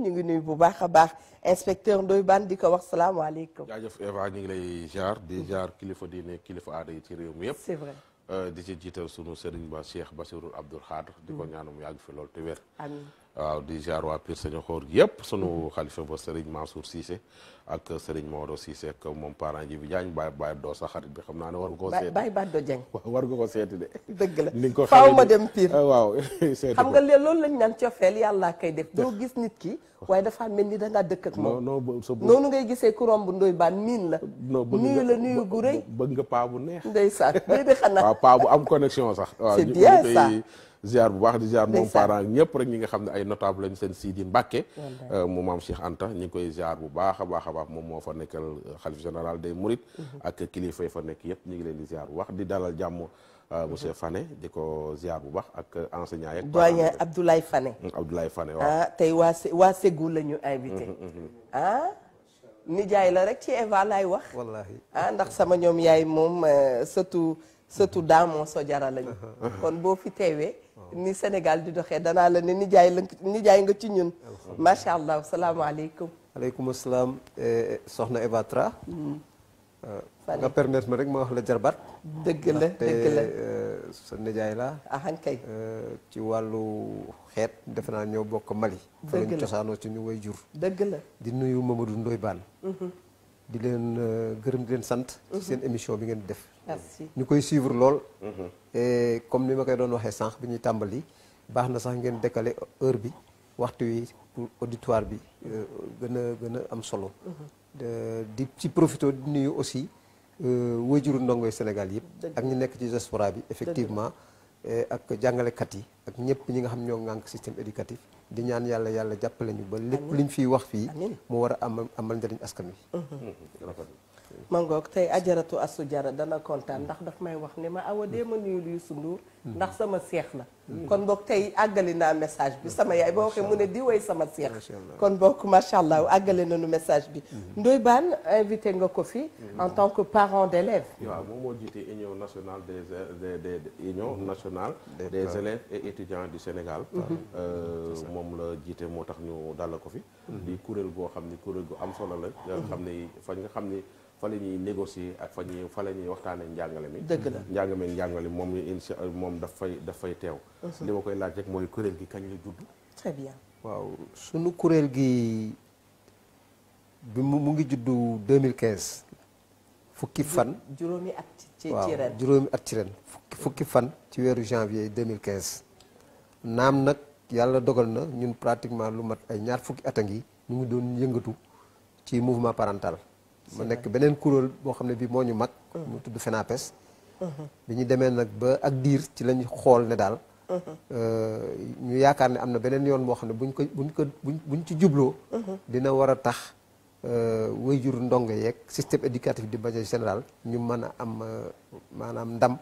ñu ngi nuyu bu baax a baax inspecteur Ndoye Bane di ko wax salaamaaleykum. jaajëf Eva ñu ngi lay jaar di jaar kilifa diine kilifa aada yi ci réew mi yëpp. c'est vrai. Euh, di ci jiital sunu sëriñ ba Cheikh Bassirou Abdoul Khadr. di ko mm. ñaanum yàgg fi lool te wér. waaw di ziar waa Pire Sañu Xoor gi yëpp sunu xalifa ba Serigne Mansour Cissé ak Serigne Maodo Cissé ak moom parent ji jaañ Diagne Baye Baye doo sa xarit bi xam naa ne war nga koo seeti. Baye Baye doo Dieng. war nga ko seeti de. dëgg la ni nga ko a dem Pire. waaw seeti xam nga loolu lañ naan cofeel yàllaa koy def doo gis nit ki. waaye dafa mel ni da ngaa dëkk ak moom. non non noonu ngay gisee ku romb ndoy baan miin la. non bëgg nga nuyu la nuyu gu rëy. bëgg nga paa bu neex. ndeysaan déedéet xanaa. paa bu am connexion sax. c'est bien ça ziar bu baax di ziar moom parent mu euh, maam Cheikh Anta ñu ngi koy ziar bu baax a baax a baax moom moo fa nekkal xalif euh, général des Mourides mhm. ak kilifa yi fa nekk yëpp ñu ngi leen di ziar bu baax di dalal jàmm euh, mhm. monsieur Fane di ko ziar bu baax ak enseignant yeeg doyen Abdoulaye Fane mm, Abdoulaye Fane waaw ah, tey waa waa Ségou la ñu invité mhm, ah, nijaay la rek ci Eva laay wax wallaahi ah ndax sama ñoom yaay moom surtout surtout daamoo Sodiara lañu. Uh-huh. Uh-huh. kon boo fi teewee. ni Sénégal di doxee danaa la ne nijaay la nijaay nga ci ñun. macha allah salaamaaleykum. aleykum salaam eh, soxna Eva Tra. Hmm. Eh, nga permettre ma rek ma wax la jarbaat. dëgg la dëgg la eh, sa nijaay la. ahan ah, kay. ci wàllu xeet defe naa ñoo bokk Mali. dëgg la fa lañ cosaanoo ci ñu way jur. dëgg la di nuyu Mamadou Ndoye Bane. Mm-hmm. di leen gërëm di leen sant. ci mm-hmm. seen émission bi ngeen di def. merci ñu koy suivre lool. Mhm. et comme ni ma koy doon waxee sànq bi ñuy tàmbali baax na sax ngeen décaler heure bi waxtu wi pour auditoire bi euh, gën a gën a am solo. Mhm. di ci profité di nuyu aussi euh, ndongo yi Sénégal yëpp. ak ñu nekk ci diaspora bi effectivement. ak jàngalekat yi ak ñëpp ñi nga xam ñoo ŋànk système éducatif di ñaan yàlla yàlla jàppale ñu ba lépp liñ fiy wax fii mu war a amal amal askan wi mhm. mangoog tey ajaratu asu jara dana kontaan ndax daf may wax ni ma awa dee ma nuyu Youssou Ndour ndax sama seex la kon boog tey àggali naa message bi sama yaay boo waxee mu ne di way sama kon boog macha allah àggale nañu message bi mhm. Ndoye invité nga ko fi mhm. en tant que parent d'élèves waaw moom moo jiite union nationale des des union mhm. nationale des élèves et étudiants du Sénégal euh, moom la jiite moo tax ñu dal ko fi di kuréel goo xam ni kuréel gu am solo la nga xam ni fañ nga xam ni fa la ñuy négocier ak fa ñuy fa la ñuy waxtaanee njàngale mi. dëgg la njàngame njàngale moom incha moom daf fay daf fay teew. Mhm. li ma koy laaj rek mooy kuréel gi kañ la judd. très bien waaw sunu kuréel gi bi mu ngi juddu 2015. fukki fan juróomi at ci ren juróomi at ci ren fukki fan ci weeru janvier naam nag yàlla dogal na ñun pratiquement lu mat ay ñaar fukki at a ngi mu ngi doon yëngatu ci mouvement parental. ma nekk beneen kuréel boo xam ne bii moo ñu mag. mu tudd FENAPES. bi ñu demee nag ba ak diir ci lañ xool ne daal. ñu yaakaar ne am na beneen yoon boo xam ne buñ ko buñ ko bu ñu ci jubloo. dina war a tax euh, jur ndongo yeeg système éducatif di manière générale ñu mën a am euh, maanaam ndam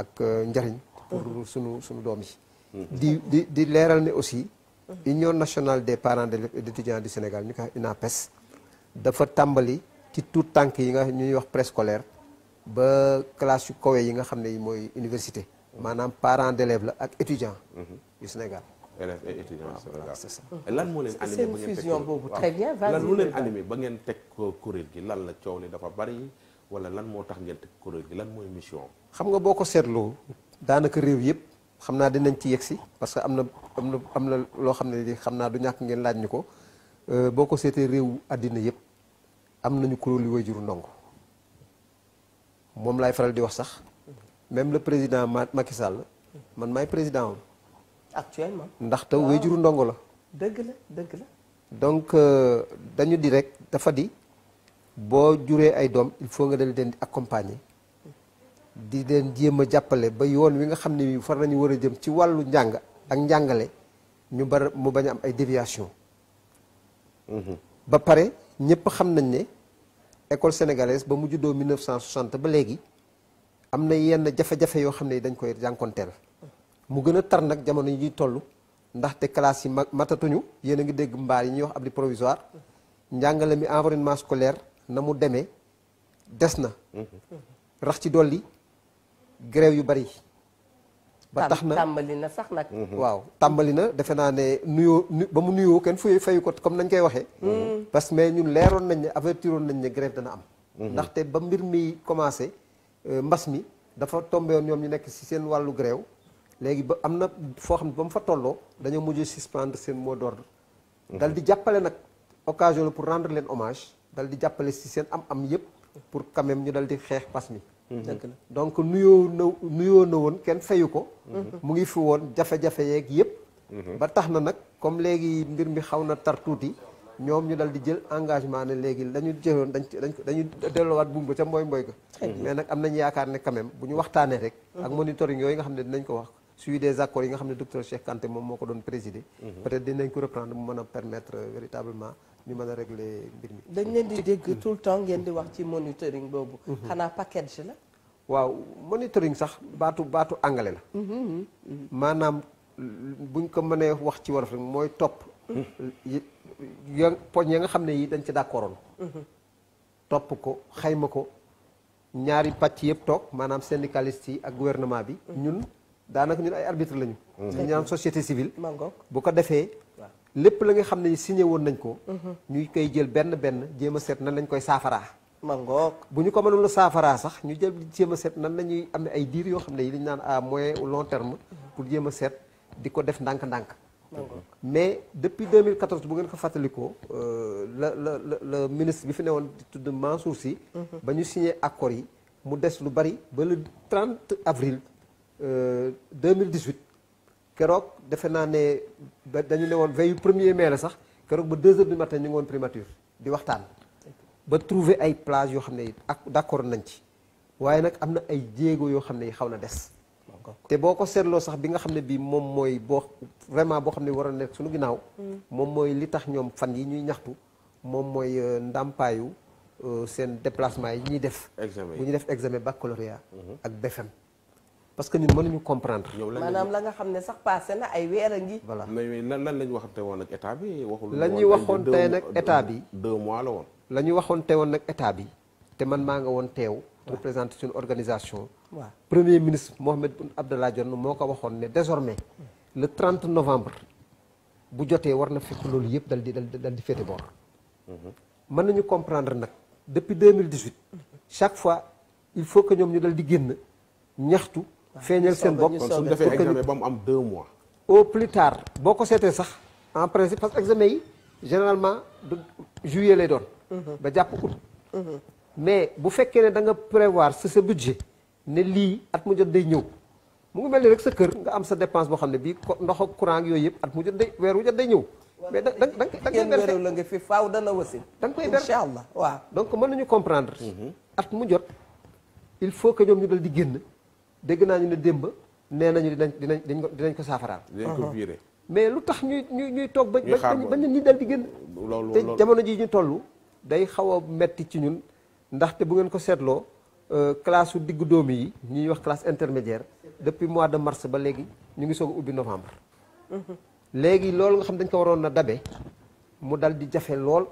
ak euh, njariñ. pour sunu sunu doom yi. di di di leeral ne aussi. Union nationale des parents d'élèves et d'étudiants Sénégal ñu koy wax UNAPES dafa tàmbali. ci tout tànk yi nga ñuy wax préscolaire ba classe yu yi nga xam ne yi mooy université maanaam parent d'élèves la ak étudiants mhm. yu Sénégal élèves et étudiants lan moo leen animé ba ngeen fusion boobu très bien ba ngeen teg kuréel gi lan la coow li dafa bari wala lan moo tax ngeen teg kuréel gi lan mooy mission xam nga boo ko seetloo daanaka réew yëpp xam naa dinañ ci yegsi parce que am na am na am na loo xam ne li xam naa du ñàkk ngeen laaj ñu ko euh, boo ko seetee réew àddina yëpp am nañu kuréelu wayjuru ndongo moom laay faral di wax sax même le président ma Macky Sall man maay président am. actuellement ndaxte wayjuru ndongo la. la dëgg la. donc euh, dañu di rek dafa di boo juree ay doom il faut nga dal leen di accompagner di leen jéem a jàppale ba yoon wi nga xam ne far nañu war a jëm ci wàllu njàng ak njàngale ñu bar mu bañ am ay déviation mm-hmm. ba pare ñëpp xam nañ ne école sénégalaise ba mu juddoo 1960 ba léegi am na yenn jafe-jafe yoo xam ne dañ koy jànkonteel mu gën a tar nag jamono yi ñuy toll ndaxte classe yi mag matatuñu yéen a ngi dégg mbaal yi ñuy wax abri provisoire njàngale mi environnement scolaire na mu demee des na. Mm-hmm. rax ci dolli grève yu bari. ba tax na tàmbali na sax nag. Mhm. waaw tàmbali na defe naa ne nuyoo ba mu nuyoo kenn fu fayu ko comme nañ koy waxee. Mhm. Mhm. parce que mais ñun leeroon nañ ne avertiroon nañ ne grève dana am. ndaxte ba mbir mi commencé euh, mbas mi dafa tombé woon ñoom ñu nekk ci seen wàllu grève léegi ba am na foo xam ne ba mu fa tolloo dañoo mujj suspendre seen mot d'ordre. dal di jàppale nag occasion la pour rendre leen hommage dal di jàppale ci seen am-am yépp pour quand ñu dal di xeex mbas mi. Mhm. donc nuyoo na nuyoo na woon kenn fayu ko. Mhm. mu ngi fi woon jafe-jafe yeeg yëpp. Mhm. ba tax na nag comme léegi mbir mi xaw na tar tuuti ñoom ñu dal di jël engagement ne léegi la ñu jëloon dañ dañ dañu delluwaat buum ba ca mboy mboy ga mais nag am nañ yaakaar ne quand même bu ñu waxtaanee rek. ak monitoring yooyu nga xam ne dinañ ko wax. suivi des accords yi nga xam ne docteur Cheikh Kanté moom moo ko doon présider. peut-être dinañ ko reprendre mu mën a permettre euh, véritablement. ñu mën a régler mbir mi. dañ leen di dégg tout le temps ngeen di wax ci monitoring boobu. Mm-hmm. xanaa package la. waaw monitoring sax baatu baatu angale la. Mm-hmm, mm-hmm, maanaam buñ ko mënee wax ci wolof rek mooy topp. ya poñ nga xam ne yi dañ ci d'accordoon topp ko xayma ko ñaari pàcc yëpp toog maanaam syndicaliste yi ak gouvernement bi. ñun daanaka ñun ay arbitre lañu. ñu société civile. bu ko defee. lépp la nga xam ne signé woon nañ ko. Mhm. ñu koy jël benn benn jéema seet na lañ koy saafaraa. ma bu ñu ko mënoon a saafaraa sax ñu jël jéem a seet nan la ñuy am ay diir yoo xam ne yi dañu naan à moyen ou long terme. pour jéem a seet di ko def ndànk-ndànk. mais depuis 2014 bu ngeen ko fàttalikoo euh, la la la ministre bi fi ne woon tudd Mansour si mhm. ba ñu ak accord yi mu des lu bari ba le 30 avril 2018. Euh, keroog defe naa ne ba dañu ne woon veille premier mai la sax keroog ba deux heures du matin ñu ngi woon primature di waxtaan ba trouver ay plage yoo xam ne ak d'accord nañ ci waaye nag am na ay jéego yoo xam ne xaw na des te boo ko seetloo sax bi nga xam ne bii moom mooy boo vraiment boo xam ne waroon a nekk suñu ginnaaw moom mooy li tax ñoom fan yi ñuy ñaxtu moom mooy euh, ndàmpaayu euh, seen déplacement yi ñuy def bu ñu def examen baccalauréat mhm. ak BFEM parce que ñun mënuñu comprendre. yow lan maanaam la nga xam ne sax passé na ay weer a ngi. voilà mais lan lan ñu waxante woon ak état bi waxul. la ñuy waxoon tey nag état bi deux mois la woon. la ñuy waxoon tey woon nag bi te man maa nga woon teew. représente suñu organisation. waaw premier ministre Mohamed Boun Abdallah Dionne moo ko waxoon ne désormais le trente novembre bu jotee war na fekk loolu yëpp dal di dal di féete boor. Mm-hmm. mën nañu comprendre nag depuis 2018 chaque fois il faut que ñoom ñu dal di génn ñaxtu. feeñal seen bopp kon su ñu defee examen ba mu am deux mois. au plus tard boo ko seetee sax en principe parce que examen yi généralement du juillet lay doon. Mhm. ba jàpp août. Mhm. mais bu fekkee ne da nga prévoir sa sa budget ne lii at mu jot day ñëw mu ngi mel ni rek sa kër nga am sa dépense boo xam ne bii ndox ak courant yooyu yëpp at mu jot day weer wu jot day ñëw. mais da nga koy berse la nga fi faaw da koy berse incha allah waaw. donc mën nañu comprendre. Mhm. at mu jot il faut que ñoom ñu dal di génn. dégg naa ñu ne démb nee nañu dinañ dinañ ko dinañ ko saafaraal. dinañ ko uh-huh. viré. mais lu tax ñuy ñuy ñuy toog ba. ñuy xaar ba ñi dal di génn. loolu te jamono ji ñu toll day xaw metti ci ñun ndaxte bu ngeen ko seetloo euh, classe su diggu doomi yi ñuy wax classe intermédiaire depuis mois de mars ba léegi ñu ngi soog ubbi novembre. Uh-huh. léegi loolu nga xam dañ ko waroon na dabe mu dal di jafe lool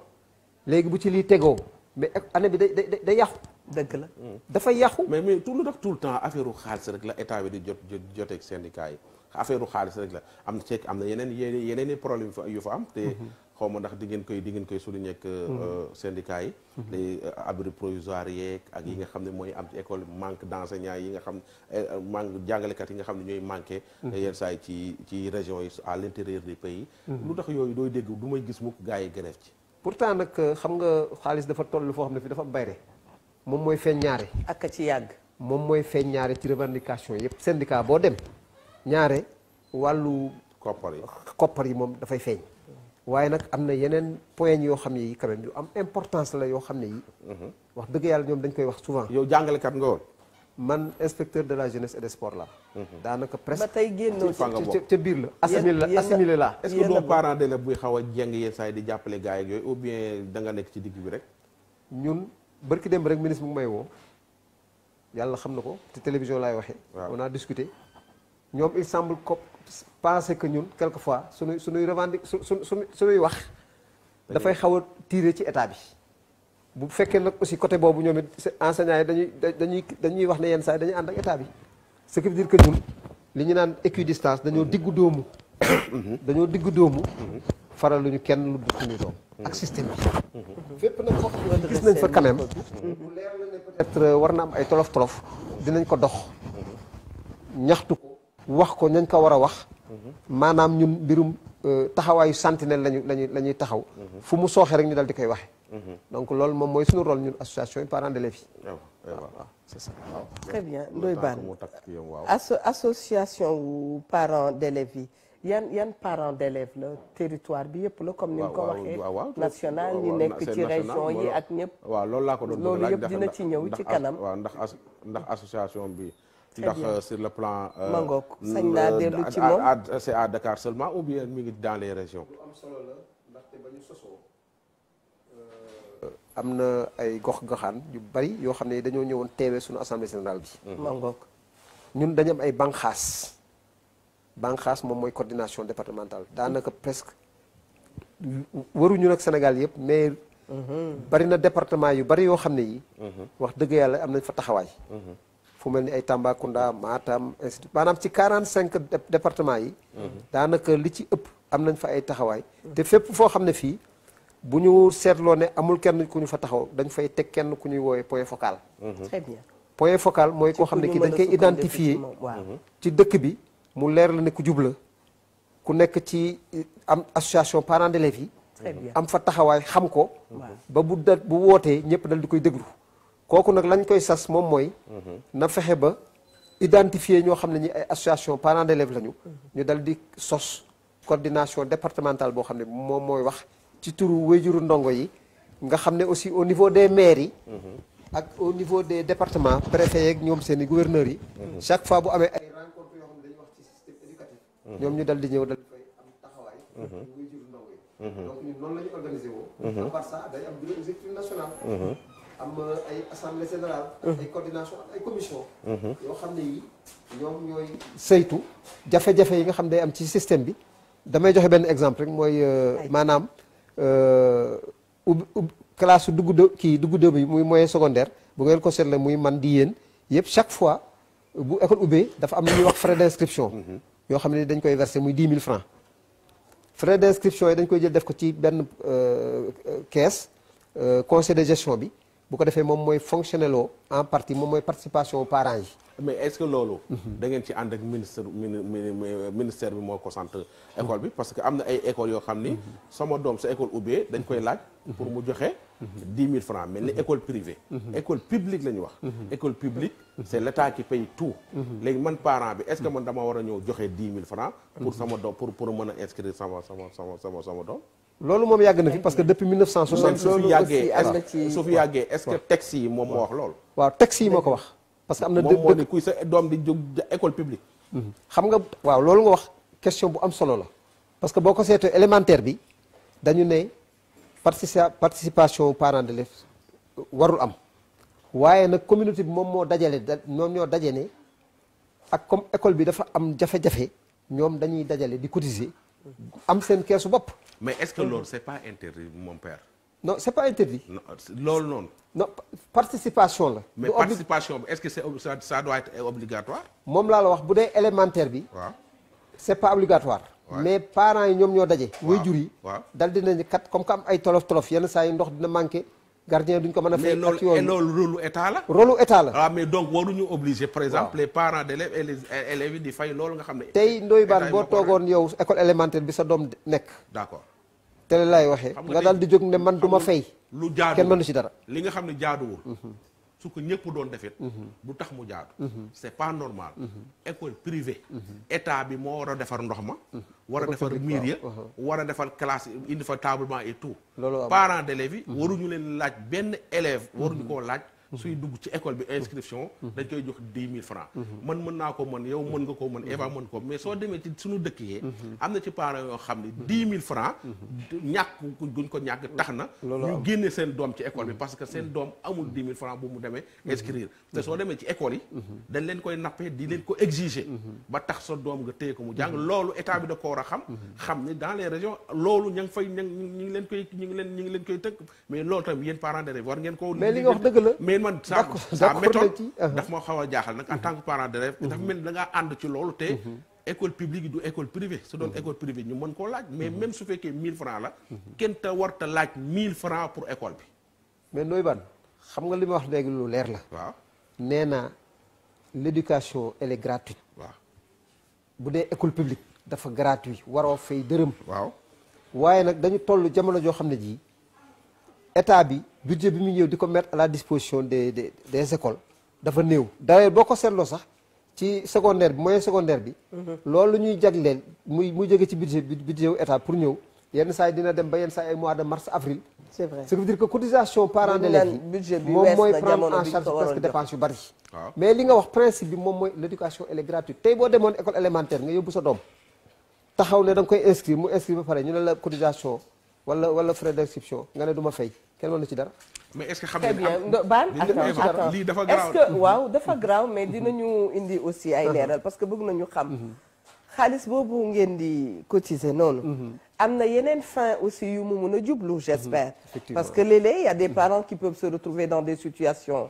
léegi bu ci lii tegoo mais année bi day day yàqu. dëgg la dafa yàqu. mais mais tout lu tax tout le temps affaire u xaalis rek la état bi di jot joteeg syndicat yi affaire xaalis rek la am na am na yeneen yeneen i problème yu fa am te. Mhm. xaw ma ndax di ngeen koy di ngeen koy souligner ak euh, mhm. euh, syndicats yi mhm. les euh, abris provisoires yeeg ak yi nga xam ne mooy am ci école manque d'enseignants yi nga xam manque jàngalekat yi nga xam ne ñooy manqué yenn saa yi ci ci région yi à l'intérieur du pays lu tax yooyu dooy dégg du may gis mukk gars yi grève ci pour temps nag xam nga xaalis dafa toll foo xam ne fi dafa bare moom mooy feeñ ñaare. ak ci yàgg. moom mooy feeñ ñaare ci revendication yëpp syndicat boo dem ñaare wàllu. koppar yi koppar yi moom dafay feeñ. waaye nag am na yeneen point yoo xam ne yi quand yu am importance la yoo xam ne yi. Mm-hmm. wax dëgg yàlla ñoom dañ koy wax souvent. yow jàngalekat nga woon. man inspecteur de la jeunesse et des sports la. Mm-hmm. daanaka presque ba tey génnoo ca biir la. assimilé la assimilé la est-ce que doo parent d'élève buy xaw a jeng yenn saa yi di jàppale gars yi yooyu ou da nga nekk ci digg bi rek. barki démb rek ministre mu ngi may woo yàlla xam na ko te télévision laay waxee. on a discuté ñoom il semble que penser que ñun quelquefois suñuy suñuy revendique su su suñuy wax. dafay xaw a tirer ci état bi. bu fekkee nag aussi côté boobu ñoom it enseignants yi dañuy dañuy dañuy wax ne yenn saa yi dañuy ànd ak état bi. ce qui veut ñun li ñu naan équidistance dañoo diggu dóomu. dañoo diggu dóomu. Mm-hmm. faraluñu kenn lu dul suñu doom ak mm-hmm. système bi. Mm-hmm. fépp nag foofu nañ fa quand même. Mm-hmm. Euh, war na ay tolof dinañ ko dox. ñaxtu ko wax ko nañ ko war a wax. maanaam ñun mbirum euh, taxawaayu sentinelle lañu lañuy taxaw. fu mu sooxee rek ñu dal di koy waxe donc loolu moom mooy suñu rôle ñun association yi parents d'élèves yi. Eh eh association wu parents yan yan parents d'élèves la territoire bi yëpp la comme ni nga ko waxee national ñi nekk ci région yi ak ñëpp waaw loolu laa ko loolu yëpp dina ci ñëw ci kanam waaw ndax ndax association bi ndax euh, sur le plan euh, mangook sañ naa euh, dellu ci moom à Dakar seulement ou bien mi ngi les régions am solo la ndaxte ba ñu sosoo am na ay gox-goxaan yu bari yoo xam ne dañoo ñëwoon teewee suñu assemblée générale bi mangook ñun dañu am ay banqaas banqaas moom mooy coordination départementale daanaka presque waruñu nag Sénégal yëpp mais bari na département yu bari yoo xam ne yi wax dëgg yàlla am nañ fa taxawaay fu mel ni ay Tambacounda Matam maanaam ci quarante cinq département yi daanaka li ci ëpp am nañ fa ay taxawaay te fépp foo xam ne fii bu ñu seetloo ne amul kenn ku ñu fa taxaw dañ fay teg kenn ku ñuy woowee point focal très bien point focal mooy koo xam ne kii dañ koy ci dëkk bi mu leer la ne ku jubla ku nekk ci eh, am association parents d'élèves yi. am fa taxawaay xam ko. ba bu da bu wootee ñëpp dal di koy déglu. kooku nag lañ koy sas moom mooy. Mhm. na fexe ba identifier ñoo xam ne ñi ay association parents d'élèves lañu. Mhm. ñu dal di sos coordination départementale boo xam ne moom mooy wax ci turu wéyjuru ndongo yi. nga xam ne aussi au niveau des maires yi. Mhm. ak au niveau des départements préfets yeeg ñoom seen i gouverneurs yi. chaque fois bu amee ñoom ñu dal di ñëw dal di fay am taxawaay. Mhm. muy jur ndaw yi. Mhm. donc ñun noonu mhm. am bureau exécutif am euh, ay assemblée générale. coordination ak ay commission. yoo xam ne yi ñoom ñooy saytu jafe-jafe yi nga xam day am ci système bi damay joxe benn exemple rek mooy euh, maanaam euh, ub ub classe su dugg kii dugg dëb yi muy moyen secondaire bu ngeen ko seetle muy man di yéen yëpp chaque fois bu école ubbee dafa am lu ñuy wax frais d'inscription. yoo xam ne dañ koy verser muy 10 000 francs frais d'inscription yi dañ koy jël def ko ci benn euh, euh, caisse euh, conseil de gestion bi bu ko defee moom mooy fonctionnel loo en partie moom mooy participation parents yi. mais est loolu. Mhm. da ngeen ci ànd ak ministre ministère bi moo ko sant école bi mhm. parce que am na ay écoles yoo xam ni. Mhm. sama doom sa école ubbee dañ koy laaj. pour mu joxe dix mille francs mais ni école privée. école publique la ñu wax. école publique c'est l'État qui paye tout. léegi man parent bi est man dama war a ñëw joxe dix mille francs. pour sama doom pour pour mën a inscrire sama sama sama sama sama doom. loolu moom yàgg na fi parce que depuis 1960. loolu aussi am na ci su fi yàggee est-ce que texte yi moom moo wax loolu. waaw texte yi moo ko wax. parce que am na dë moom kuy sa doom di jóg école publique. Mhm. xam nga waaw loolu nga wax question bu am solo la. parce que boo ko seetee élémentaire bi dañu ne partici participation parents d'élèves warul am waaye nag communauté bi moom moo dajale da ñoom ñoo daje ne ak comme école bi dafa am jafe-jafe ñoom dañuy dajale di cotiser am seen keesu bopp. mais est-ce que lool c'est pas interdit mon père. non c'est pas interdit. non noonu. non participation la. mais participation bi est-ce que c'est ça doit obligatoire. moom laa la wax bu dee élémentaire bi. waaw c'est pas obligatoire. mais parents yi ñoom ñoo daje. waaw waajur yi. waaw dal dinañu kat comme que am ay tolof tolof yenn saa yi ndox dina manqué. gardien duñ ko mën a. fay ak yooyu mais loolu loolu rôle état la. rôle état la. Ah, waaw mais di fay loolu nga xam ne. tey ndoy baan boo toogoon yow école élémentaire bi sa doom nekk. d'accord. télé laay waxee nga daal di jóg ne man duma ma fay lu jaadu kenn mënu ci dara li nga xam ne jaaduwul mhm. su ko ñëpp doon defit mhm. du tax mu jaadu mhm. c'est pas normal école privée état bi moo war a defar ndox ma war a defar miir ya uh-huh. war a defar classe indi fa tablement et tout parents d'élèves yi waruñu leen laaj benn élève waruñu koo laaj suy dugg ci école bi inscription dañ koy jox dix mille francs man mën naa ko mën yow mën nga ko mën Eva mën ko mais soo demee suñu dëkk am na ci parents yoo xam ne dix mille francs ñàkk guñ ko ñàkk bu mu demee inscrire te soo demee ci école yi dañ koy nappee di leen ko exiger ba tax sa doom nga téye ko mu jàng loolu état bi da ko a xam xam ne dans les régions loolu ñu ngi leen koy tënk mais loolu tamit yéen parents d'élèves war ngeen ko mais li nga dëgg la léegi man sa sa méthode uh-huh. daf ma xaw a jaaxal nag en tant que parent d'élève ndax mm-hmm. mel ni da ànd ci loolu te mm-hmm. école publique du école privée su doon mm-hmm. école privée ñu mën koo laaj mais même su fekkee 1000 francs la kenn te war laaj 1000 francs pour école bi mais nooy ban xam nga li ma wax léegi lu leer la waaw nee na l'éducation elle est bu dee école publique dafa gratuit waroo fay dërëm waaw waaye nag dañu toll jamono joo xam ne jii état bi budget bi mu ñëw di ko mettre à la disposition des des des écoles dafa néew d'ailleurs boo ko seetloo sax ci secondaire bi moyen secondaire bi mhm. loolu ñuy jagleel muy muy jóge ci budget budget wu état pour ñëw yenn saa yi dina dem ba yenn saa ay mois de mars avril c'est vrai ce qui veut dire que cotisation moom mooy prendre en charge presque dépense yu bari ah. mais li nga wax principe bi moom mooy l'éducation elle est gratuite tey boo demoon école élémentaire nga yóbbu sa doom taxaw ne da nga koy inscrire mu inscrire ba pare ñu ne la cotisation wala wala frais d'exception nga ne du ma fay kenn mën na ci dara. mais est-ce que xam nga baal attends lii dafa grave est-ce que waaw dafa grave mais dinañu indi aussi ay uh-huh. leeral parce que bëgg nañu xam. Uh-huh. xaalis boobu ngeen di cotiser noonu. Uh-huh. am na yeneen fin aussi yu mu mun a jublu j'espère. parce que léeg-léeg y a des parents qui peuvent se retrouver dans des situations.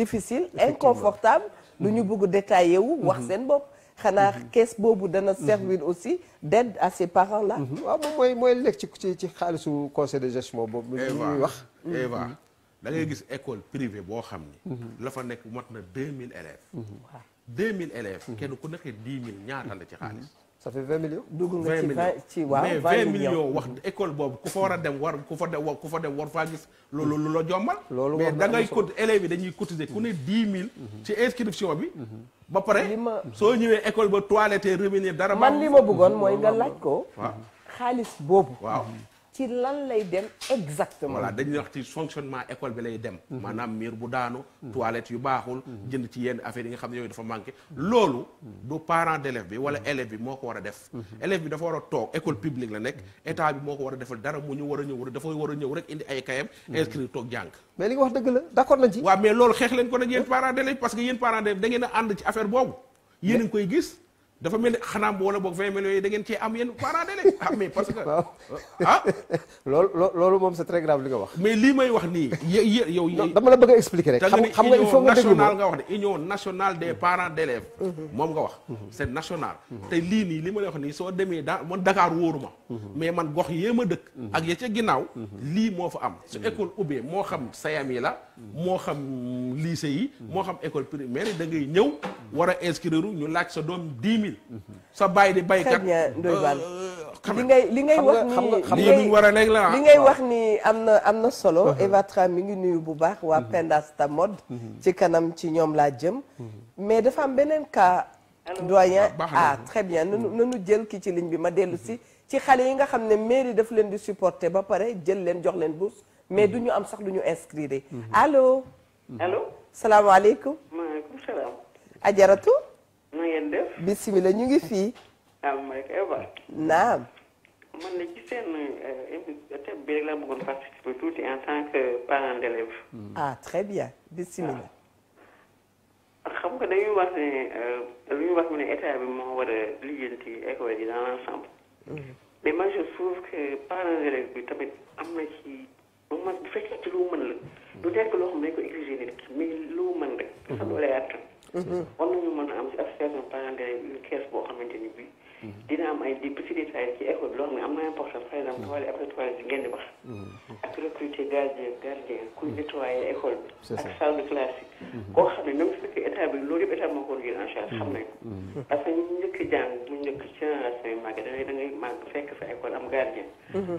difficiles inconfortables lu ñu bëgg détaillé wu wax seen bopp. xanaa mhm. kees boobu dana mhm. servir aussi d'aide à ces parents là. Mhm. waaw mooy lekk ci xaalisu conseil de gestion boobu. lu wax Eva da ngay gis école privée boo xam ni. la fa nekk mot na deux mille élèves. waaw deux mille ku nekkee dix mille la ci xaalis. ça nga ci vingt ci waaw mais vingt millions école boobu ku fa war a dem war ku fa dem ku fa dem war faa gis loolu lu la jombal. loolu mais da ngay cotiser élèves yi dañuy cotiser ku ne dix mille. ci inscription bi. ba pare li ma soo ñëwee école ba toilette revenir dara. man li ma bëggoon mooy nga laaj ko. xaalis boobu. waaw ci lan lay dem exactement. voilà dañuy wax ci fonctionnement école bi lay dem. Mhm. maanaam miir bu daanu. Mhm. toilette yu baaxul. Mhm. jënd ci yenn affaire yi nga xam ne yooyu dafa manqué. loolu du parent d'élève bi wala élève bi moo ko war a def. élève bi dafa war a toog école publique la nekk état bi moo ko war a defal dara mu ñu war a ñëw rek dafa war a ñëw rek indi ay kayam. inscrire toog jàng. mais li nga wax dëgg la d'accord nañ ci. waaw mais loolu xeex leen ko nag yéen que yéen parents d'élève da ngeen a ànd ci affaire boobu dafa mel ni xanaa wala boo vingt millions yi da ngeen cee am yéen parents délai ah mais parce que. ah loolu loolu moom c'est très grave li nga wax. mais lii may wax nii. yé yow dama la bëgg a expliquer rek. xam nga il faut nga déglu nga wax de union nationale des parents d'élèves. Mm-hmm. moom nga wax. Mm-hmm. c'est national. Mm-hmm. te lii nii li ma lay wax nii soo demee daa man dakaar wóoru ma. mais man gox yéem a dëkk. ak ya ca ginnaaw. lii moo fa am. su école ubbee moo xam sayam yi la. moo xam lycée yi moo xam école primaire yi da ñëw war a inscrire ñu laaj sa doom dix mille sa baay di baykat euh, li ngay li ngay wax ni li ngay war a nekk la li ngay wax ni am na am na solo uh-huh. Eva mi ngi nuyu bu baax waa uh-huh. Pendasta Mode uh-huh. ci kanam ci ñoom laa jëm mais dafa am beneen cas doyen ah, ah très bien nanu nanu jël ki ci ligne bi ma dellu si ci xale yi nga xam ne mairie daf leen di supporter ba pare jël leen jox leen bourse mais mhm. du am sax lu ñu inscrire. Mhm. allo. Mhm. allo. salaamaaleykum. maaleykum salaam. ajaratu. na ngeen def. bisimilah ñu ngi fii. waaw ma Eva. naam. man de ci seen euh, thème bi rek laa bëggoon participer tuuti en tant que parent d'élève. ah très bien bisimilah. Ah. xam nga dañuy wax ne lu euh, ñu wax mu ne état bi moo war a lijjanti école yi dans l'ensemble. mais moi je trouve que parent d'élève bi tamit am na ci. moom man bu fekkee ci loo mën la du nekk loo xam ne ko exiger nit ki mais loo mën rek sa mhm. mhm. a am si association parents d'élèves une caisse boo xamante ni bii Mhm. dina am ay di petits détails ci école bi loo xam ne am na importance par exemple toilette après toilette si ngeen di wax. Mhm. ak recruter gardien gardien kuy mhm. nettoyer école bi. ak salle de classe yi. koo xam ne même su état bi loolu yëpp état moo ko en charge xam nañ parce que ñu njëkk a jàng mu njëkk génération yu màgg da ngay da ngay màgg fekk sa école am gardien.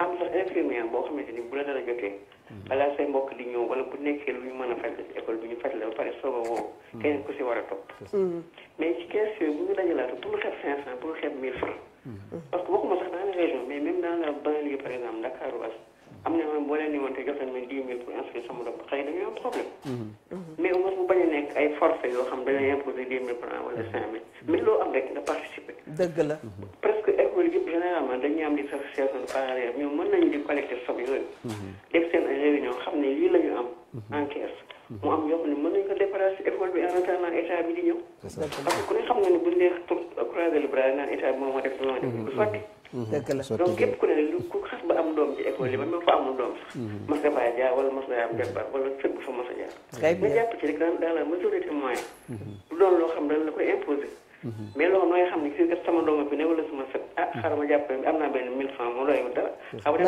am sax infirmière boo xamante ni bu la dara jotee. Mhm. balaa say mbokk di ñëw wala bu nekkee lu ñu mën a faj la ci école bi ñu faj la ba pare soog a woo mhm. kenn ku si war a topp mhm. mais ci kees yooyu bu ñu dajalaatu bu ñu xeeb cinq francs parce que waxuma sax dans les régions mais même dans la banlieue par exemple Dakar Ouest am na moom boo leen ni woon jox leen ma mille pour inscrire sama doom xëy dañuy am problème mais au a nekk ay forfait yoo xam dañuy imposer dix mille francs la presque école yëpp généralement dañuy am di association de parents ñoom mën nañu di xam ne lii la am. Mhm. en caisse. Mhm. mu am yoo xam ne nga ne buñ leen croiser bi ma def. du mhm. sotti. dëgg la donc képp ku ne ku xas ba am doom ci école yi ba même fa amul doom sax. mas nga faa jaar wala mas nga am départ wala sëgg fa mas a jaar. xëy na nga jàpp ci rek dans dans la xam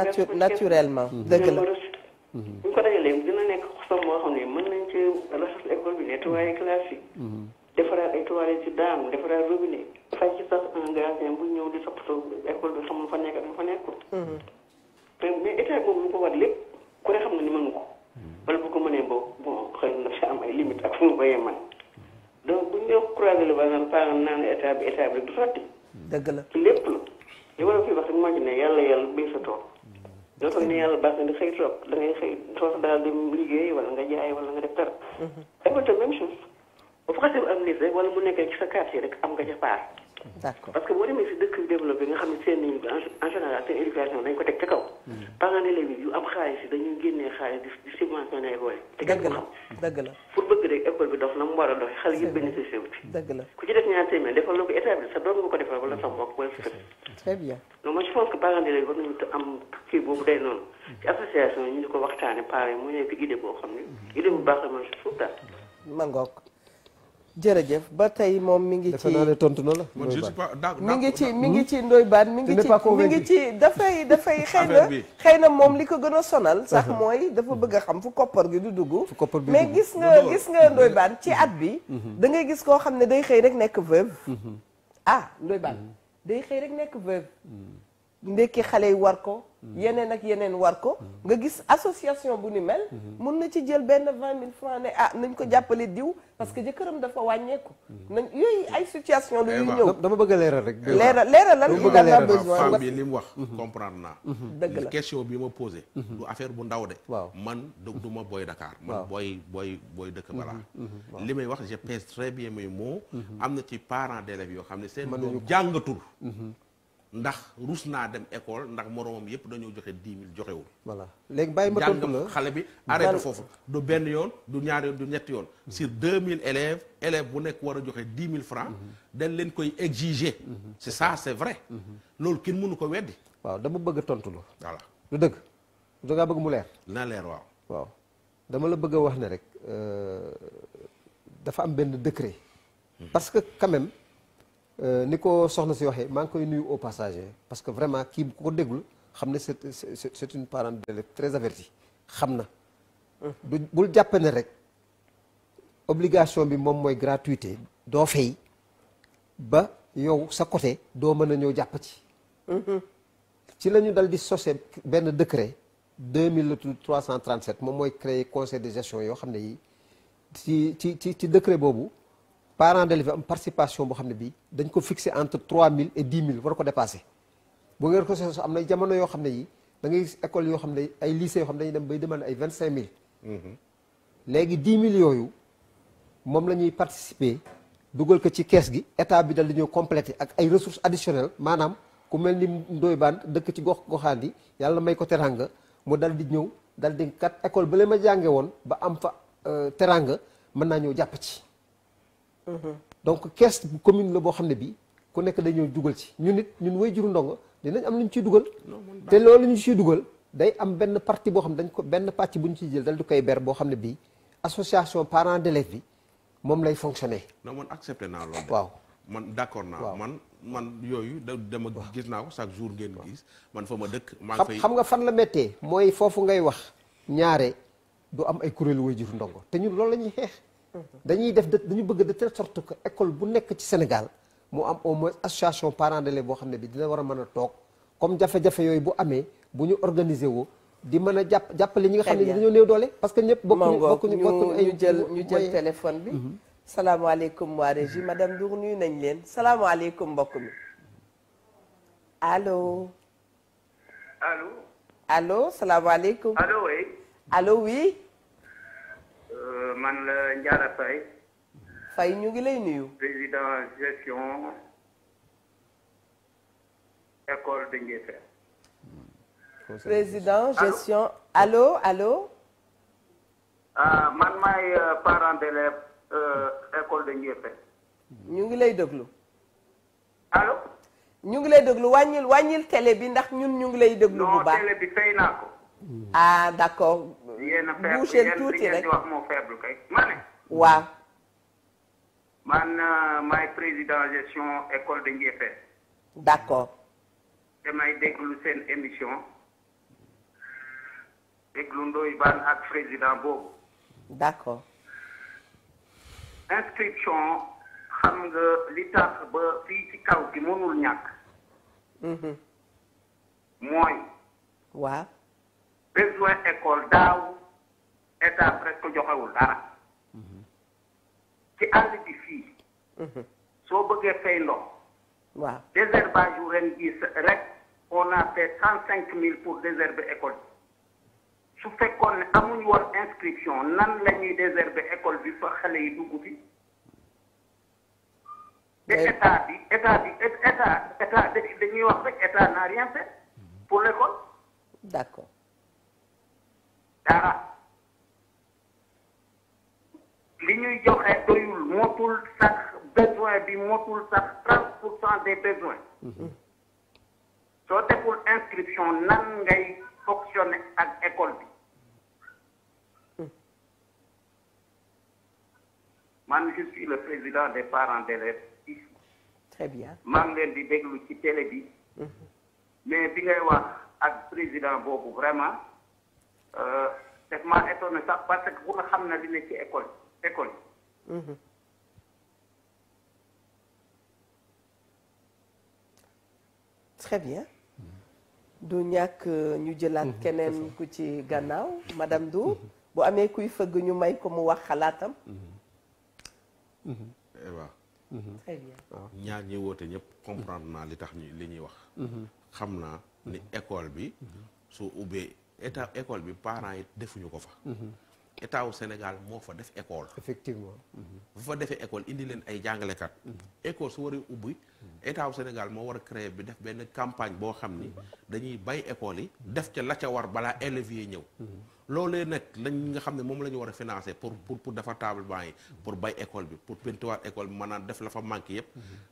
ne naturellement dëgg bu ñu ko dajalee dina nekk xosam moo xam ne mën nañ ci raxas école bi nettoyer classe yi. Mhm. defaraat ay toilettes ci daam defaraat robinet fay ci sax un gardien bu ñëw di toppatoo école bi xamul fa nekk ak fa nekkul. Mhm. mais état ko war lépp ku xam na ni mënu ko. Mhm. wala bu ko mënee boobu bon xëy na dafa am ay limites ak fu mu koy yemal. donc bu ñu doon croiser le bassin par naan état bi état bi du sotti. dëgg la lépp la li war a fi wax rek moo ne yàlla yàlla béy sa tool. dootoo mm-hmm. ne yàlla baax na di xëy toog da ngay xëy toog daal di liggéey wala nga jaay wala nga def dara. dafa mm-hmm. te même chose bu fa xasee am nit rek wala bu nekkee ci sa quartier rek am nga ca part. d'accord parce que boo demee si dëkk yu développé nga xam ne seen nañu en général seen éducation dañ ko teg ca kaw. Hmm. parents élèves yi yu am xaalis yi dañuy génnee xaalis di di subventionné école yi. dëgg la dëgg la pour bëgg rek école bi dox na mu war a doxee xale yi bénéficié wu ci. dëgg la ku ci def ñaar téeméer defal loo ko état bi sa doom nga ko defal wala sa mbokk wala sa très bien non moi je pense que parents élèves war nañu am kii boobu day noonu. Hmm. ci association yi ñu di ko waxtaanee parents yi mu nekk idée boo xam ne hmm. idée bu baax la man si suuf daal. ma ngoog. jërëjëf ba tey moom mi ngi ci defe tontu na la. man je suis ngi ci mi ngi ci ndoy baat mi ngi ci mi ngi ci dafay dafay xëy na xëy na moom li ko gën a sonal. sax mooy dafa bëgg a xam fu koppar gi du dugg. mais gis nga gis nga ndoy baan ci mm-hmm. at bi. Mm-hmm. da ngay gis koo xam ne day xëy rek nekk veuve. Mm-hmm. ah ndoy baat day xëy rek nekk veuve. ndekki xale yi war ko mm. yeneen ak yeneen war ko mm. nga gis association bu ni mel mm-hmm. mun na ci jël benn vingt mille francs ne ah nañ ko mm-hmm. jàppale diw parce que mm-hmm. jëkkëram dafa wàññeeku nañ yooyu ay situation lu ñëw dama bëgg leeral rek leeral leeral lan bëgg besoin femme bi li mu wax comprendre naa dëgg la bi ma posé affaire bu ndaw de waaw man du ma booy Dakar man booy booy booy dëkk balaa li may wax je pèse très bien am na ci parents d'élèves yoo xam ne seen ma doom jàngatul ndax rus naa dem école ndax moromam yépp dañoo joxe dix mille joxewul voilà léegi bàyyi ma tontu la xale bi arrêté foofu du benn yoon du ñaar yoon du ñetti yoon mhm. su deux mille élèves élèves bu nekk war a joxe dix mille francs mhm. dañ leen koy exiger mhm. c'est ça c'est vrai loolu kenn mënu ko weddi waaw dama bëgg tontu la voilà lu dëgg da ngaa bëgg mu leer na leer waaw waaw dama la bëgg a wax ne rek euh, dafa am benn décret parce que quand Euh, ni ko soxna si waxee maa ngi koy nuyu au passage parce que vraiment kii ku ko déglu xam ne c'est c'est une parente d'élève très avertie xam na du bul jàppane rek obligation bi moom mooy gratuité doo fay ba yow sa côté doo mën a ñëw jàpp ci ci la ñu dal di sosé benn décret 2337 moom mooy créer conseil de gestion yoo xam ne yi ci ci ci ci décret boobu parents d'élèves am participation boo xam ne bii dañ ko fixé entre 3000 et 10 000 war ko dépassé bu ngeen ko sosoo am na jamono yoo xam ne yi dangay gis école yoo xam ne ay lycée yoo xam ne dañuy dem bay demandé ay mhm. léegi 10 000 yooyu moom la ñuy participer dugal ko ci kees gi état bi dal di ñëw complété ak ay ressources additionnelles maanaam ku mel ni Ndoye Bane dëkk ci gox goxaan yi yàlla may ko teranga mu dal di ñëw dal di kat école ba la ma jànge woon ba am fa euh, teranga mën naa ñëw jàpp ci. donc kees commune la boo xam ne bii ku nekk dañoo dugal ci ñun it ñun way juru ndongo dinañ am lu ñu ciy dugal. te loolu ñu ciy dugal day am benn partie boo xam ne dañ ko benn pàcc bu ñu ciy jël dal du koy ber boo xam ne bii association parents d'élèves bi moom lay fonctionner. non man accepté naa loolu. waaw man d'accord naa man. man yooyu da dama gis naa ko chaque jour ngeen man fa ma dëkk. maa xam nga fan la méttee. mooy foofu ngay wax ñaare du am ay kuréelu way juru ndongo te ñun loolu la ñuy xeex. dañuy def dañu bëgg de telle sorte que école bu nekk ci Sénégal mu am au moins association parents d'élèves boo xam ne bi dina war a mën a toog comme jafe-jafe yooyu bu amee bu ñu organiser woo di mën a jàpp jàppale ñi nga xam ne dañoo néew doole parce que ñëpp bokkuñu ñu jël ñu jël téléphone bi mhm. salaamaaleykum waa régie madame Ndour nuyu nañ leen salaamaaleykum mbokk mi allo allo allo salaamaaleykum allo oui allo man la Ndiara Faye. Faye ñu ngi lay nuyu. président gestion école de Ngéfer. président gestion allo alo ah man maay euh, parent d'élève euh, de Ngéfer. ñu ngi lay déglu. allo. ñu ngi lay déglu wàññil wàññil télé bi ndax ñun ñu ngi lay déglu. bu baax non télé bi fay naa ah d'accord. boucher tuuti rek wax moo faible kay ma ne waaw man euh, maay président gestion école de Ndiéfène d'accord damay déglu seen émission déglu Ndoye Bane ak président boobu d'accord inscription xam nga li tax ba fii ci kaw gi mënul ñàkk mhm. mooy waaw besoin école daaw état presque joxewul dara ci àll bi fii soo bëggee fay lo waaw désherbage yu ren gis rek on a fait cent cinq mille pour désherber école bi su fekkoon ne amuñu woon inscription nan la ñuy désherber école bi fa xale yi dugg bi de état bi état bi état état dañuy wax rek état n'a rien fait pour l'école d'accord dara li ñuy joxe doyul motul sax besoin bi motul sax trente pour cent des besoins mhm. soo deful inscription nan ngay fonctionner ak école bi man je suis le président de parents d'élèves ici très bien maa ngi leen di déglu ci télé bi mhm. mais bi ngay wax ak président boobu vraiment def maa étonné sax parce que bu nga xam na li ne ci école école. Mhm. très bien mhm. du ñàkk euh, ñu jëlaat mhm, keneen ku ci gànnaaw madame Dour bu amee kuy fëgg ñu may ko mu wax xalaatam eh waaw bien ah. ñaar ñi woote ñëpp comprendre naa li tax ñu li ñuy wax xam naa ni école bi soo ubbee état école bi parent yi defuñu ko fa. Mhm. état wu Sénégal moo fa def école. effectivement. Mhm. bu fa defee école indi leen ay jàngalekat. Mhm. école su waree ubbi. état wu Sénégal moo war a créer bi def benn campagne boo xam ni dañuy bay école yi def ca la ca war balaa élèves yi ñëw loolee nag nga xam ne moom la ñu war a financer pour pour pour defar tablement yi pour bay école bi pour pintuwaar école bi maanaam def la fa man yëpp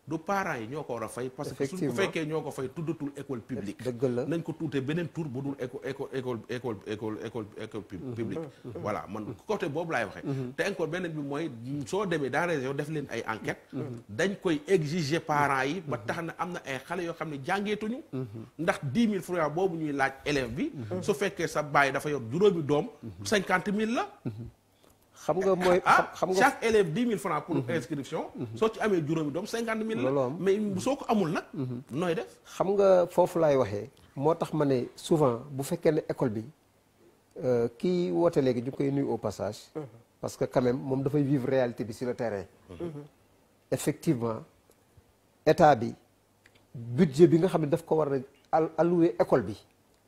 du parents yi ñoo ko war a ñoo ko fay tuddatul école publique dëgg la nañ ko tuutee beneen tour bu dul école école école école école école mhm. publique mhm. voilà man côté boobu laay waxee mhm. te encore beneen bi mooy soo demee dans région def leen ay enquête dañ koy parents yi ba tax na am na ay xale yoo xam ne jàngeetuñu mhm. ndax dix mille francs boobu ñuy laaj élève bi mhm. su fekkee sa baay dafa yor juróomi doom mhm. cinquante mille la xam nga mooy ah, xam nga chaque élève dix mille francs pour inscription soo ci amee juróomi doom cinquante mille la mais soo ko amul nag nooy def xam nga foofu laay waxee moo tax ma ne souvent bu fekkee ne école bi euh, kii woote léegi ñu ngi koy nuyu au passage parce que quand même moom dafay vivre réalité bi si le terrain effectivement état bi budget bi nga xam ne daf ko war a alloué école bi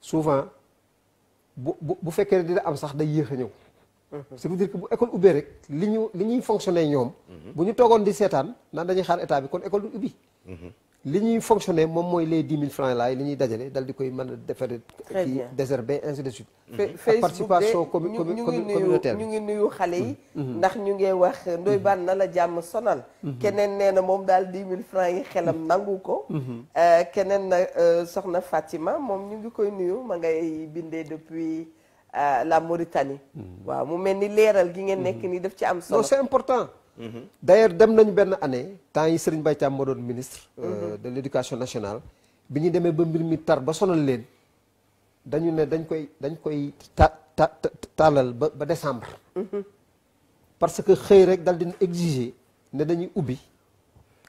souvent bu bu fekkee ne dina am sax day yéex a ñëw mhm. ça veut dire que bu école ubbee rek li ñu li ñuy fonctionné ñoom mhm. bu ñu toogoon di seetaan naan dañuy xaar état bi kon école du ubbi mhm. li ñuy fonctionner moom mooy les dix mille francs laay li ñuy dajale dal di koy mën a defaree. très bien ñu ngi nuyu xale yi. Mm-hmm. ndax ñu ngi wax ndoy baan na la jàmm sonal. Mm-hmm. keneen nee na moom daal dix mille francs yi xelam mm-hmm. nangu ko. Euh, keneen na euh, soxna Fatima moom ñu ngi koy nuyu ma ngay bindee depuis. Euh, la Mauritanie. waaw mu mel ni leeral gi ngeen nekk nii def ci am solo. non c'est d' ailleurs dem nañu benn année temps yi Serigne baytaam moo doon ministre euh, mhm. de l' éducation nationale bi ñu demee ba mbir mi tar ba sonal leen dañu ne dañ koy dañ koy ta ta taalal ba ba décembre mhm. parce que xëy rek dal dina exiger ne dañuy ubbi